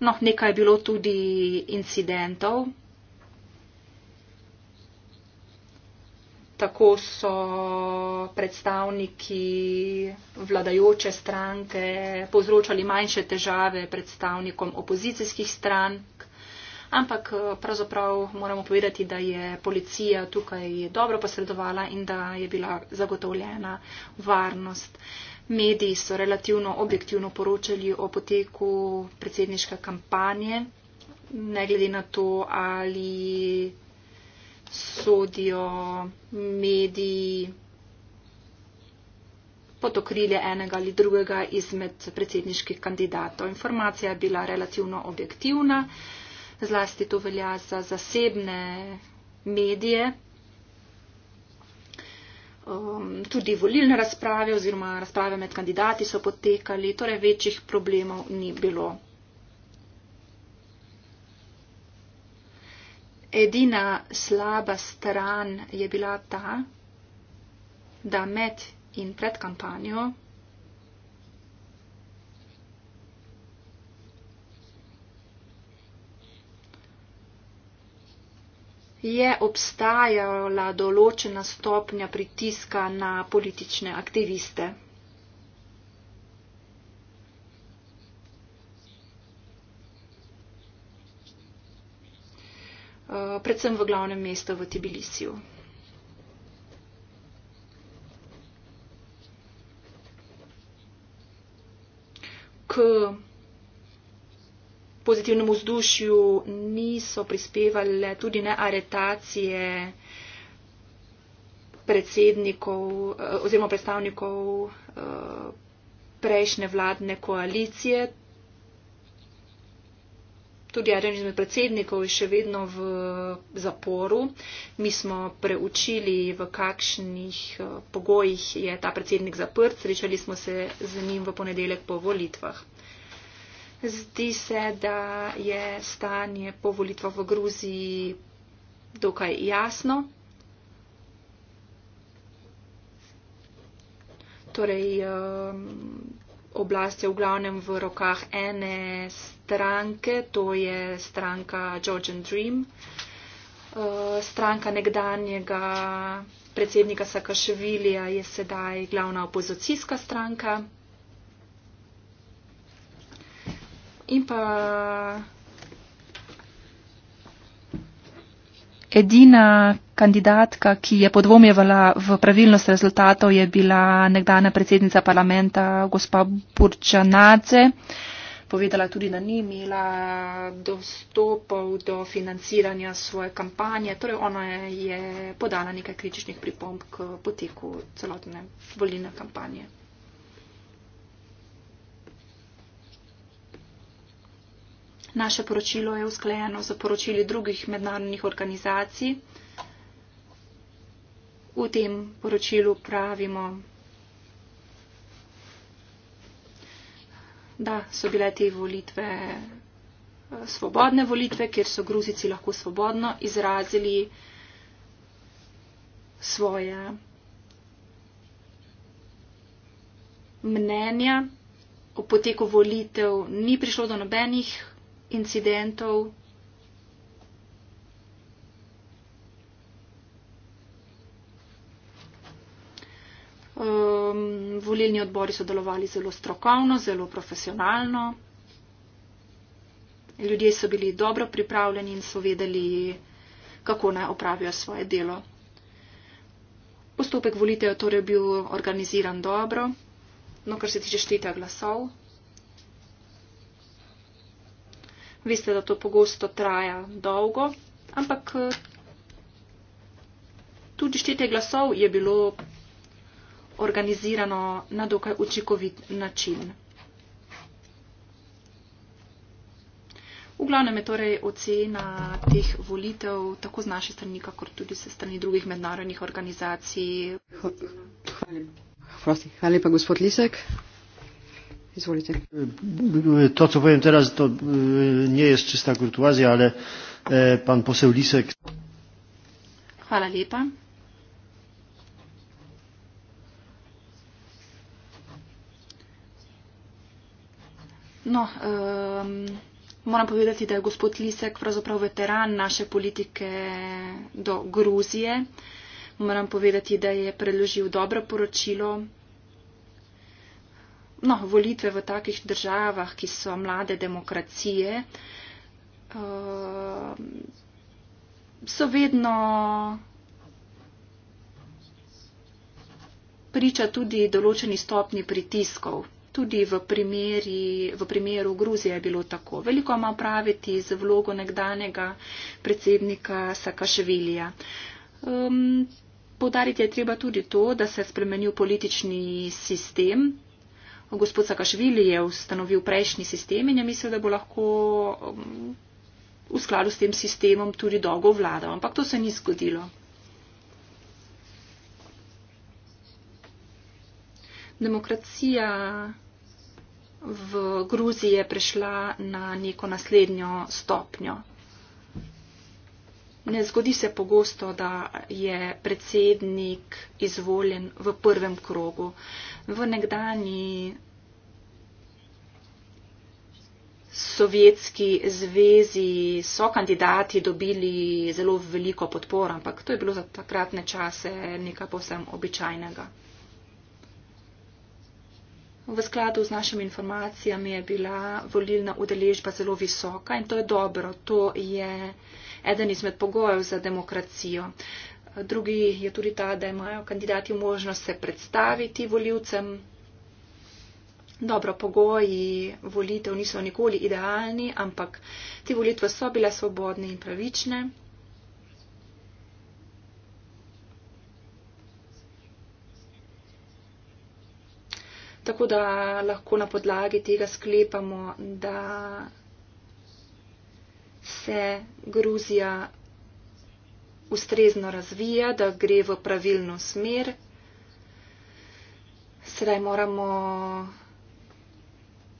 No, nekaj je bilo tudi incidentov. Tako so predstavniki vladajoče stranke povzročali manjše težave predstavnikom opozicijskih strank, ampak eh, pravzaprav moramo povedati, da je policija tukaj dobro posredovala in da je bila zagotovljena varnost. Uh, Mediji so relativno objektivno poročali o poteku predsedniške kampanje, ne glede na to, ali sodijo mediji pod okrilje enega ali drugega izmed predsedniških kandidatov. Informacija je bila relativno objektivna, zlasti to velja za zasebne medije, um, tudi volilne razprave oziroma razprave med kandidati so potekali, torej večjih problemov ni bilo. Edina slaba stran je bila ta, da med in pred kampanjo je obstajala določena stopnja pritiska na politične aktiviste. Eh, predvsem v glavnem mestu v Tbilisiju. K pozitivnemu vzdušju niso prispevali tudi ne aretacije predsednikov eh, oziroma predstavnikov eh, prejšnje vladne koalicije. Tudi eden izmed predsednikov je še vedno v zaporu. Mi smo preučili, v kakšnih eh, pogojih je ta predsednik zaprt. Srečali smo se z njim v ponedeljek po volitvah. Zdi se, da je stanje po volitvah v Gruziji dokaj jasno. Torej, um, oblast je v glavnem v rokah ene stranke, to je stranka Georgian Dream, uh, stranka nekdanjega predsednika Sakašvilija je sedaj glavna opozicijska stranka. in pa. Edina kandidatka, ki je podvomjevala v pravilnost rezultatov, je bila nekdana predsednica parlamenta, gospa Burčanadze. Povedala tudi, da ni imela dostopov do financiranja svoje kampanje. Torej, ona je podala nekaj kritičnih pripomb k poteku celotne volilne kampanje. Naše poročilo je usklajeno z poročili drugih mednarodnih organizacij. V tem poročilu pravimo, da so bile te volitve eh, svobodne volitve, kjer so gruzici lahko svobodno izrazili svoje mnenja. O poteku volitev ni prišlo do nobenih incidentov. Um, volilni odbori so delovali zelo strokovno, zelo profesionalno. Ljudje so bili dobro pripravljeni in so vedeli, kako naj opravijo svoje delo. Postopek volitev torej je bil organiziran dobro, no kar se tiče števila glasov. Veste, da to pogosto traja dolgo, ampak eh, tudi štetje glasov je bilo organizirano na dokaj učinkovit način. V glavnem je torej ocena teh volitev tako z naše strani, kakor tudi se strani drugih mednarodnih organizacij. Hvala lepa, gospod Lisek. Izvolite. To, co powiem teraz, to e, nie jest czysta kurtuazja, ale e, pan poseł Lisek. Hvala lepa. No, um, moram povedati, da je gospod Lisek pravzaprav veteran naše politike do Gruzije. Moram povedati, da je predložil dobro poročilo, no, volitve v takih državah, ki so mlade demokracije, uh, so vedno priča tudi določeni stopni pritiskov. Tudi v, primeri, v primeru Gruzije je bilo tako. Veliko ima praviti z vlogo nekdanjega predsednika Sakaševilija. Um, ehm, Podariti je treba tudi to, da se je spremenil politični sistem, gospod Sakašvili je ustanovil prejšnji sistem in je mislil, da bo lahko um, v skladu s tem sistemom tudi dolgo vladal. Ampak to se ni zgodilo. Demokracija v Gruziji je prešla na neko naslednjo stopnjo ne zgodi se pogosto, da je predsednik izvoljen v prvem krogu. V nekdani Sovjetski zvezi so kandidati dobili zelo veliko podporo, ampak to je bilo za takratne čase nekaj povsem običajnega. V skladu z našimi informacijami je bila volilna udeležba zelo visoka in to je dobro. To je eden izmed pogojev za demokracijo. Drugi je tudi ta, da imajo kandidati možnost se predstaviti voljivcem. Dobro, pogoji volitev niso nikoli idealni, ampak te volitve so bile svobodne in pravične. Tako da lahko na podlagi tega sklepamo, da se Gruzija ustrezno razvija, da gre v pravilno smer. Sedaj moramo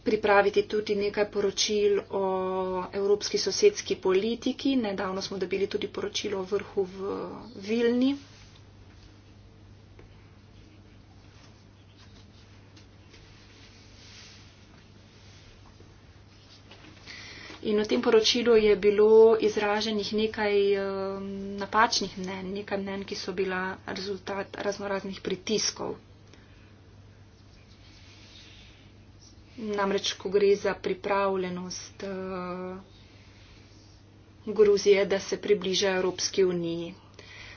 pripraviti tudi nekaj poročil o evropski sosedski politiki. Nedavno smo dobili tudi poročilo o vrhu v Vilni. In v tem poročilu je bilo izraženih nekaj um, napačnih mnen, nekaj mnen, ki so bila rezultat raznoraznih pritiskov. Namreč, ko gre za pripravljenost uh, Gruzije, da se približa Evropski uniji.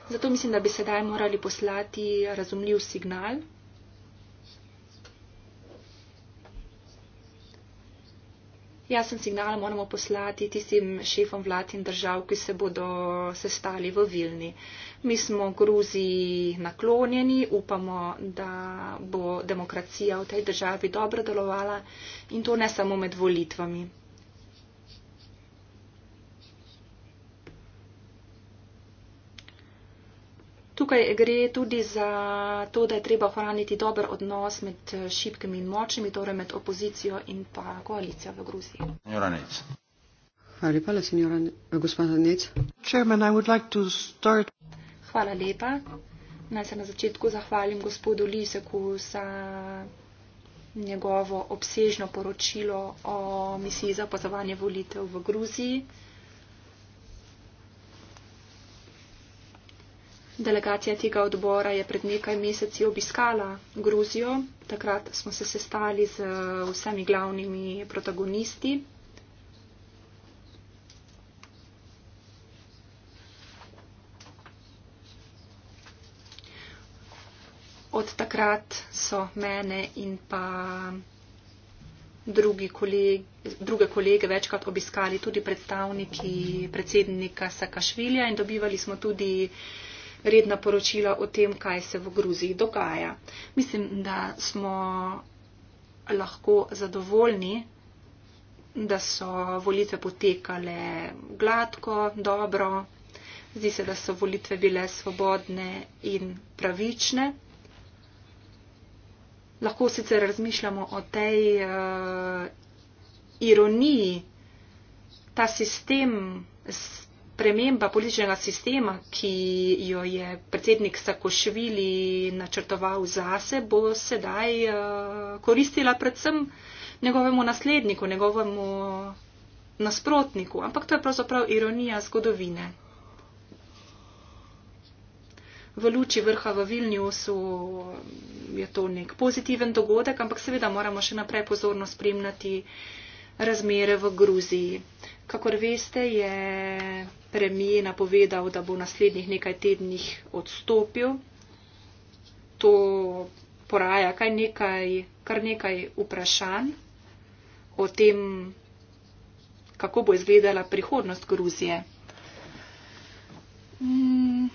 Zato mislim, da bi sedaj morali poslati razumljiv signal jasen signal moramo poslati tistim šefom vlad in držav, ki se bodo sestali v Vilni. Mi smo Gruziji naklonjeni, upamo, da bo demokracija v tej državi dobro delovala in to ne samo med volitvami. tukaj gre tudi za to, da je treba ohraniti dober odnos med eh, šibkimi in močnimi, torej med opozicijo in pa koalicijo v Gruziji. Joranec. Hvala lepa, senjora, eh, gospod Nec. Chairman, I would like to start. Hvala lepa. Naj se na začetku zahvalim gospodu Liseku za njegovo obsežno poročilo o misiji za opazovanje volitev v Gruziji. Delegacija tega odbora je pred nekaj meseci obiskala Gruzijo. Takrat smo se sestali z eh, vsemi glavnimi protagonisti. Od takrat so mene in pa drugi kolege, druge kolege večkrat obiskali tudi predstavniki predsednika Sakašvilja in dobivali smo tudi uh, redna poročila o tem, kaj se v Gruziji dogaja. Mislim, da smo lahko zadovoljni, da so volitve potekale gladko, dobro. Zdi se, da so volitve bile svobodne in pravične. Lahko sicer razmišljamo o tej uh, ironiji, ta sistem s sprememba političnega sistema, ki jo je predsednik Sakošvili načrtoval zase, bo sedaj eh, koristila predvsem njegovemu nasledniku, njegovemu nasprotniku. Ampak to je pravzaprav ironija zgodovine. V luči vrha v Vilniusu eh, je to nek pozitiven dogodek, ampak seveda moramo še naprej pozorno spremljati razmere v Gruziji. Kakor veste, je premije napovedal, da bo naslednjih nekaj tednih odstopil. To poraja kar nekaj, kar nekaj vprašanj o tem, kako bo izgledala prihodnost Gruzije. Mm,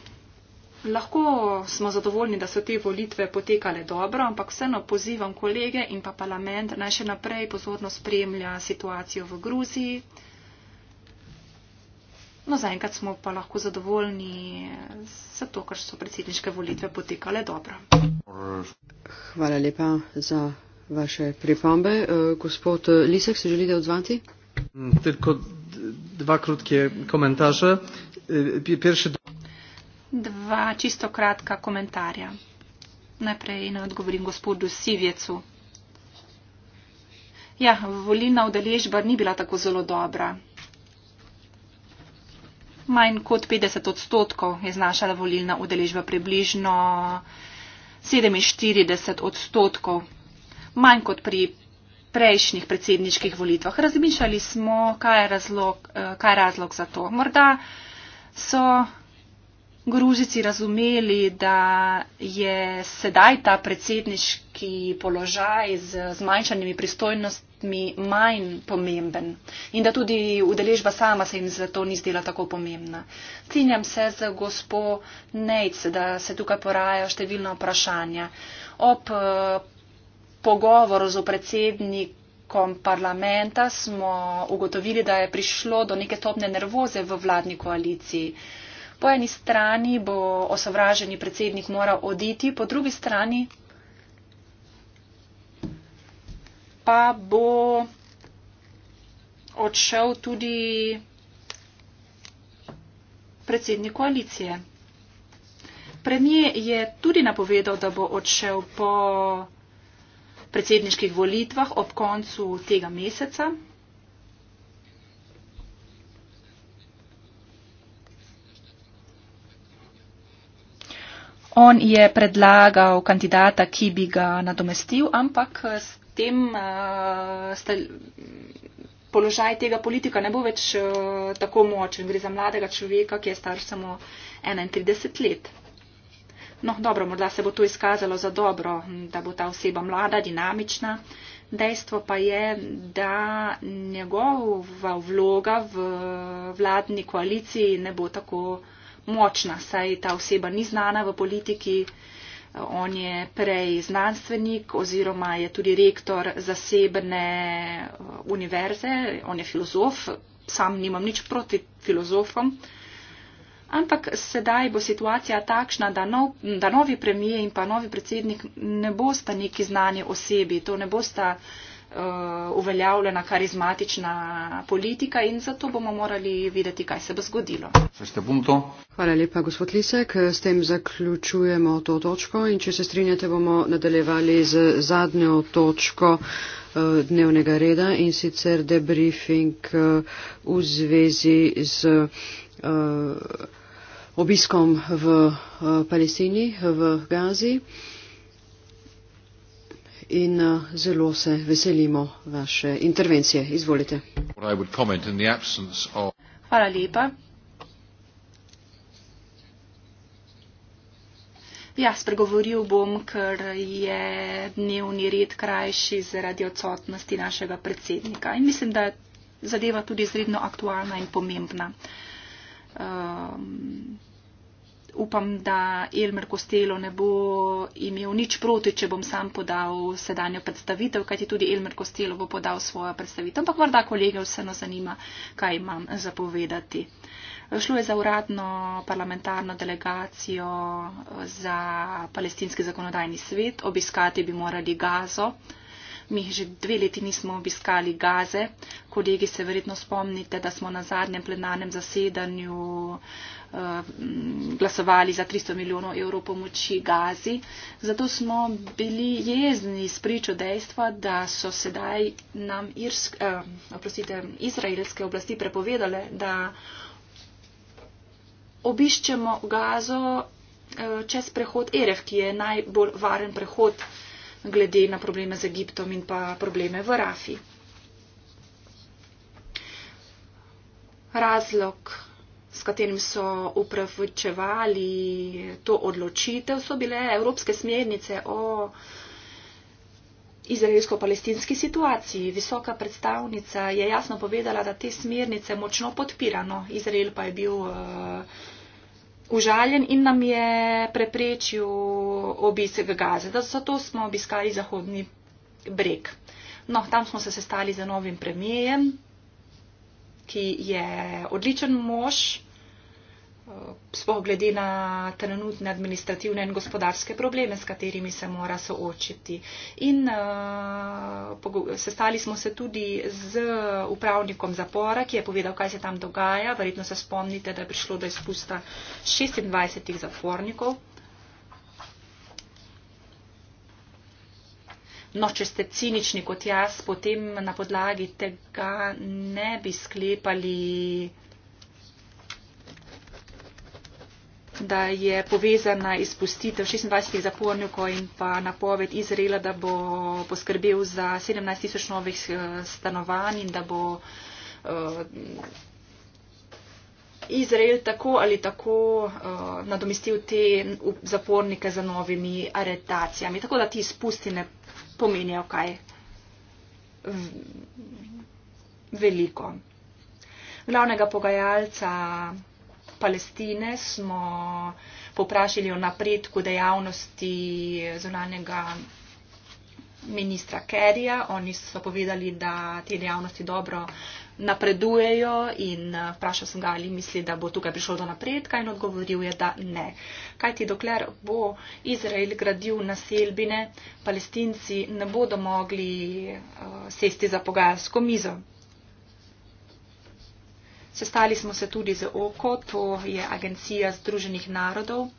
lahko smo zadovoljni, da so te volitve potekale dobro, ampak vseeno pozivam kolege in pa parlament naj še naprej pozorno spremlja situacijo v Gruziji. No, zaenkrat smo pa lahko zadovoljni, zato ker so predsedniške volitve potekale dobro. Hvala lepa za vaše pripombe. Eh, gospod Lisek, se želite odzvati? Mm, tako dva kratke komentarje. Pierše... Dva čisto kratka komentarja. Najprej naj odgovorim gospodu Sivjecu. Ja, volilna udeležba ni bila tako zelo dobra manj kot 50 odstotkov je znašala volilna udeležba približno 47 odstotkov, manj kot pri prejšnjih predsedniških volitvah. Razmišljali smo, kaj je razlog, eh, kaj je razlog za to. Morda so Gružici razumeli, da je sedaj ta predsedniški položaj z zmanjšanimi pristojnostmi mi manj pomemben in da tudi udeležba sama se jim zato ni zdela tako pomembna. Cinjam se z gospo Nejc, da se tukaj porajajo številna vprašanja. Ob eh, pogovoru z predsednikom parlamenta smo ugotovili, da je prišlo do neke stopne nervoze v vladni koaliciji. Po eni strani bo osovraženi predsednik moral oditi, po drugi strani pa bo odšel tudi predsednik koalicije. Premije je tudi napovedal, da bo odšel po predsedniških volitvah ob koncu tega meseca. On je predlagal kandidata, ki bi ga nadomestil, ampak tem uh, eh, stal, položaj tega politika ne bo več uh, tako močen. Gre za mladega človeka, ki je star samo 31 let. No, dobro, morda se bo to izkazalo za dobro, da bo ta oseba mlada, dinamična. Dejstvo pa je, da njegova vloga v vladni koaliciji ne bo tako močna, saj ta oseba ni znana v politiki. Uh, On je prej znanstvenik oziroma je tudi rektor zasebne uh, univerze, on je filozof, sam nimam nič proti filozofom. Ampak sedaj bo situacija takšna, da, nov, da novi premije in pa novi predsednik ne bosta neki znani osebi, to ne bosta. Eh, uveljavljena karizmatična politika in zato bomo morali videti, kaj se bo zgodilo. Hvala lepa, gospod Lisek. S tem zaključujemo to točko in če se strinjate, bomo nadaljevali z zadnjo točko eh, dnevnega reda in sicer debriefing eh, v zvezi z obiskom v Palestini, v Gazi in eh, zelo se veselimo vaše intervencije. Izvolite. Hvala lepa. Ja, spregovoril bom, ker je dnevni red krajši zaradi odsotnosti našega predsednika. In mislim, da je zadeva tudi izredno aktualna in pomembna. Um, upam, da Elmer Kostelo ne bo imel nič proti, če bom sam podal sedanjo predstavitev, kajti tudi Elmer Kostelo bo podal svojo predstavitev, ampak morda kolege vseeno zanima, kaj imam zapovedati. Šlo je za uradno parlamentarno delegacijo za palestinski zakonodajni svet, obiskati bi morali gazo. Mi že dve leti nismo obiskali gaze. Kolegi se verjetno spomnite, da smo na zadnjem plenarnem zasedanju uh, Eh, glasovali za 300 milijonov evrov pomoči Gazi. Zato smo bili jezni s pričo dejstva, da so sedaj nam irsk, eh, oprostite, izraelske oblasti prepovedale, da obiščemo Gazo eh, čez prehod Erev, ki je najbolj varen prehod glede na probleme z Egiptom in pa probleme v Rafi. Razlog s katerim so upravičevali to odločitev, so bile evropske smernice o izraelsko-palestinski situaciji. Visoka predstavnica je jasno povedala, da te smernice močno podpirano. Izrael pa je bil uh, užaljen in nam je preprečil obisk gaze. Zato smo obiskali zahodni breg. No, tam smo se sestali z novim premijejem, ki je odličen mož, Eh, sploh glede na trenutne administrativne in gospodarske probleme, s katerimi se mora soočiti. In uh, sestali smo se tudi z upravnikom zapora, ki je povedal, kaj se tam dogaja. Verjetno se spomnite, da je prišlo do izpusta 26 zapornikov. No, če ste cinični kot jaz, potem na podlagi tega ne bi sklepali. da je povezana izpustitev 26 zapornikov in pa napoved Izraela, da bo poskrbel za 17 tisoč novih eh, stanovanj in da bo uh, Izrael tako ali tako uh, nadomestil te zapornike za novimi aretacijami. Tako da ti izpusti ne pomenijo kaj veliko. Glavnega pogajalca Palestine smo poprašili o napredku dejavnosti zunanjega ministra Kerija. Oni so povedali, da te dejavnosti dobro napredujejo in eh, vprašal sem ga, ali misli, da bo tukaj prišlo do napredka in odgovoril je, da ne. Kaj ti dokler bo Izrael gradil naselbine, palestinci ne bodo mogli uh, sesti za pogajalsko mizo. Sestali smo se tudi z OKO, to je Agencija Združenih narodov.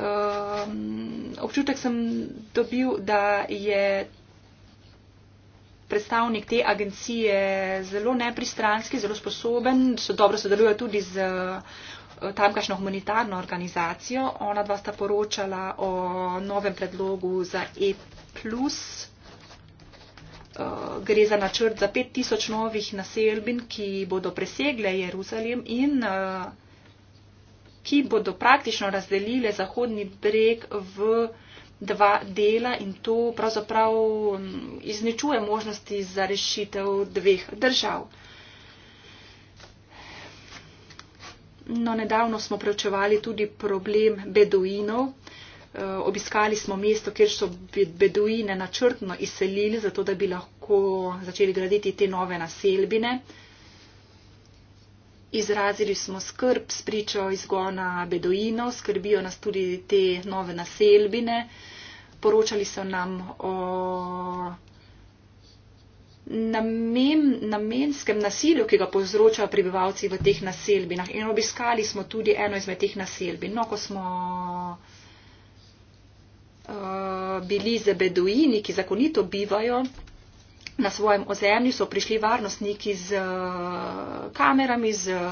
Um, občutek sem dobil, da je predstavnik te agencije zelo nepristranski, zelo sposoben, so dobro sodeluje tudi z eh, tamkajšnjo humanitarno organizacijo. Ona dva sta poročala o novem predlogu za E. Eh, gre za načrt za 5000 novih naselbin, ki bodo presegle Jeruzalem in eh, ki bodo praktično razdelile Zahodni breg v dva dela in to pravzaprav mm, izničuje možnosti za rešitev dveh držav. No, nedavno smo preučevali tudi problem beduinov, Eh, obiskali smo mesto, kjer so beduine načrtno izselili, zato da bi lahko začeli graditi te nove naselbine. Izrazili smo skrb s pričo izgona beduinov, skrbijo nas tudi te nove naselbine. Poročali so nam o namen, namenskem nasilju, ki ga povzročajo prebivalci v teh naselbinah. In obiskali smo tudi eno izmed teh naselbin. No, ko smo Eh, bili za beduini, ki zakonito bivajo na svojem ozemlju, so prišli varnostniki z eh, kamerami, z eh,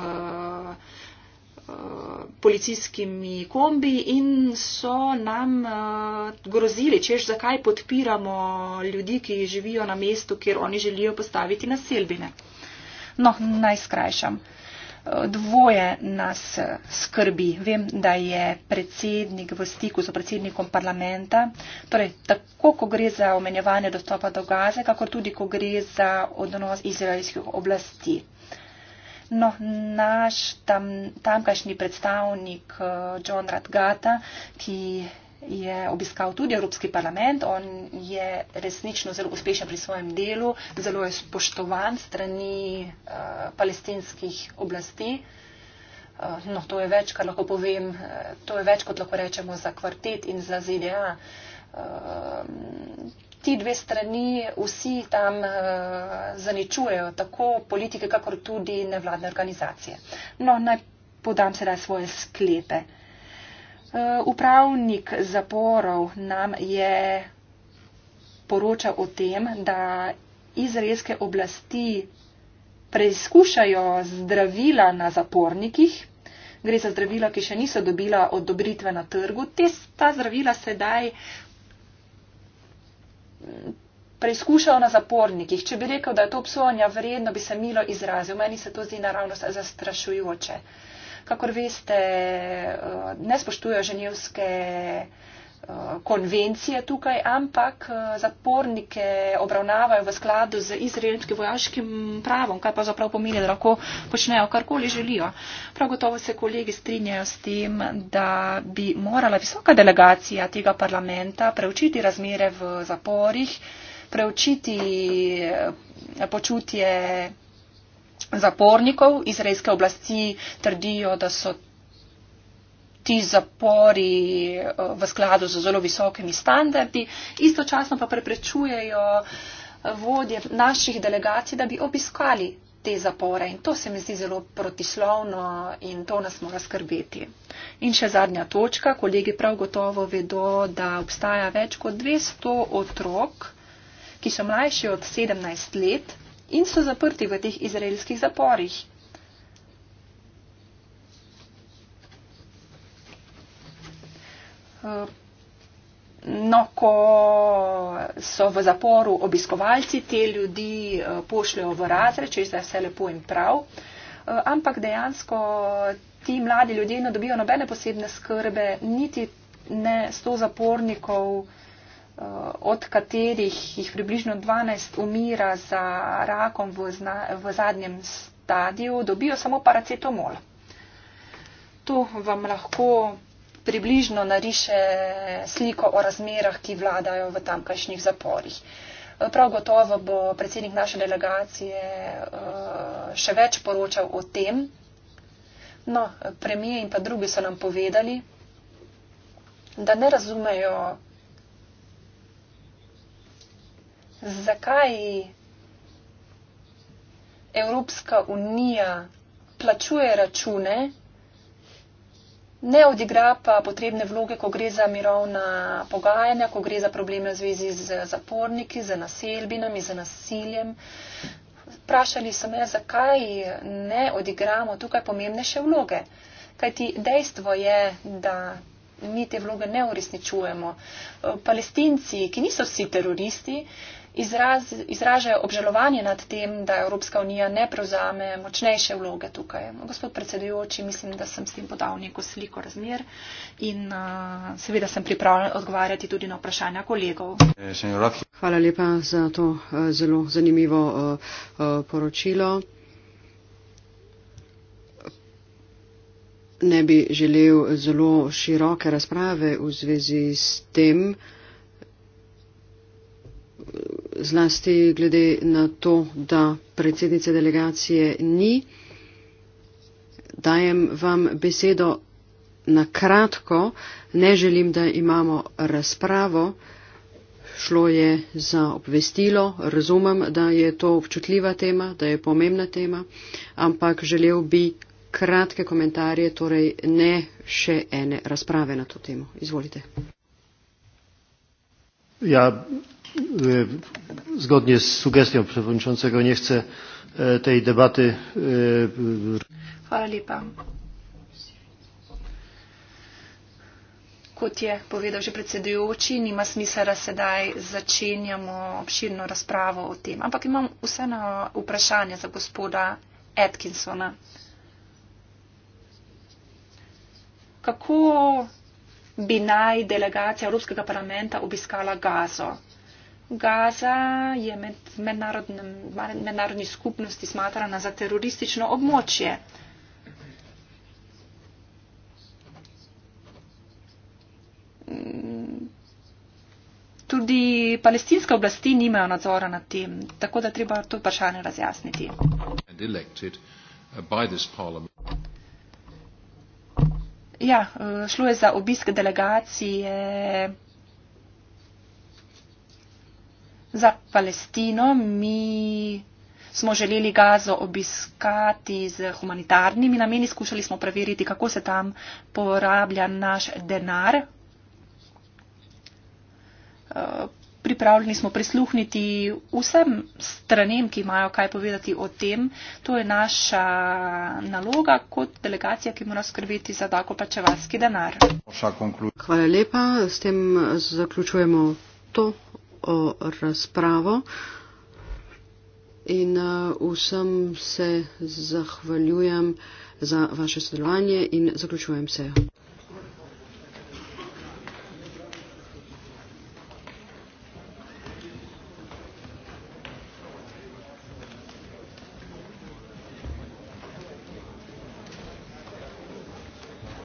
policijskimi kombi in so nam grozili, češ zakaj podpiramo ljudi, ki živijo na mestu, kjer oni želijo postaviti naselbine. No, naj skrajšam. Uh, dvoje nas eh, skrbi. Vem, da je predsednik v stiku z predsednikom parlamenta, torej tako, ko gre za omenjevanje dostopa do gaze, kako tudi, ko gre za odnos izraelskih oblasti. No, naš tam, tamkajšnji predstavnik eh, John Radgata, ki je obiskal tudi Evropski parlament. On je resnično zelo uspešen pri svojem delu, zelo je spoštovan strani uh, palestinskih oblasti. Uh, no, to je več, kar lahko povem. Uh, to je več, kot lahko rečemo za kvartet in za ZDA. Uh, ti dve strani vsi tam uh, zaničujejo tako politike, kakor tudi nevladne organizacije. No, naj podam sedaj svoje sklepe. Eh, upravnik zaporov nam je poročal o tem, da izraelske oblasti preizkušajo zdravila na zapornikih. Gre za zdravila, ki še niso dobila odobritve na trgu. Te, ta zdravila sedaj mm, preizkušajo na zapornikih. Če bi rekel, da je to obsojanja vredno, bi se milo izrazil. Meni se to zdi naravno zastrašujoče. Uh, kakor veste, eh, ne spoštujejo ženevske eh, konvencije tukaj, ampak eh, zapornike obravnavajo v skladu z izraelskim vojaškim pravom, kar pa zapravo pomeni, da lahko počnejo karkoli želijo. Prav gotovo se kolegi strinjajo s tem, da bi morala visoka delegacija tega parlamenta preučiti razmere v zaporih, preučiti počutje zapornikov. Izraelske oblasti trdijo, da so ti zapori eh, v skladu z zelo visokimi standardi, istočasno pa preprečujejo eh, vodje naših delegacij, da bi obiskali te zapore. In to se mi zdi zelo protislovno in to nas mora skrbeti. In še zadnja točka. Kolegi prav gotovo vedo, da obstaja več kot 200 otrok, ki so mlajši od 17 let, in so zaprti v teh izraelskih zaporih. No, ko so v zaporu obiskovalci, te ljudi eh, pošljajo v razred, če je vse lepo in prav, eh, ampak dejansko ti mladi ljudje ne dobijo nobene posebne skrbe, niti ne sto zapornikov. Eh, od katerih jih približno 12 umira za rakom v, zna, v zadnjem stadiju, dobijo samo paracetomol. To vam lahko približno nariše sliko o razmerah, ki vladajo v tamkajšnjih zaporih. Eh, prav gotovo bo predsednik naše delegacije eh, še več poročal o tem. No, premije in pa drugi so nam povedali, da ne razumejo zakaj Evropska unija plačuje račune, ne odigra pa potrebne vloge, ko gre za mirovna pogajanja, ko gre za probleme v zvezi z zaporniki, z naselbinami, z nasiljem. Vprašali so me, zakaj ne odigramo tukaj pomembnejše vloge. Kajti dejstvo je, da mi te vloge ne uresničujemo. Eh, Palestinci, ki niso vsi teroristi, izraz, izražajo obžalovanje nad tem, da Evropska unija ne prevzame močnejše vloge tukaj. Gospod predsedujoči, mislim, da sem s tem podal neko sliko razmer in uh, seveda sem pripravljen odgovarjati tudi na vprašanja kolegov. Hvala lepa za to eh, zelo zanimivo uh, uh, poročilo. ne bi želel zelo široke razprave v zvezi s tem, zlasti glede na to, da predsednice delegacije ni. Dajem vam besedo na kratko, ne želim, da imamo razpravo. Šlo je za obvestilo, razumem, da je to občutljiva tema, da je pomembna tema, ampak želel bi kratke komentarje, torej ne še ene razprave na to temo. Izvolite. Ja, e, zgodnje s sugestijo predsedujočega, ne hoče tej debati. E, Hvala lepa. Kot je povedal že predsedujoči, nima smisla, da sedaj začenjamo obširno razpravo o tem. Ampak imam vseeno vprašanje za gospoda Atkinsona. kako bi naj delegacija Evropskega parlamenta obiskala Gazo. Gaza je med mednarodni skupnosti smatrana za teroristično območje. Tudi palestinske oblasti nimajo nadzora nad tem, tako da treba to vprašanje razjasniti. Ja, eh, šlo je za obisk delegacije za Palestino. Mi smo želeli Gazo obiskati z humanitarnimi nameni, skušali smo preveriti, kako se tam porablja naš denar. Eh, pripravljeni smo prisluhniti vsem stranem, ki imajo kaj povedati o tem. To je naša naloga kot delegacija, ki mora skrbeti za tako pačevalski denar. Hvala lepa. S tem zaključujemo to razpravo. In e, vsem se zahvaljujem za vaše sodelovanje in zaključujem se.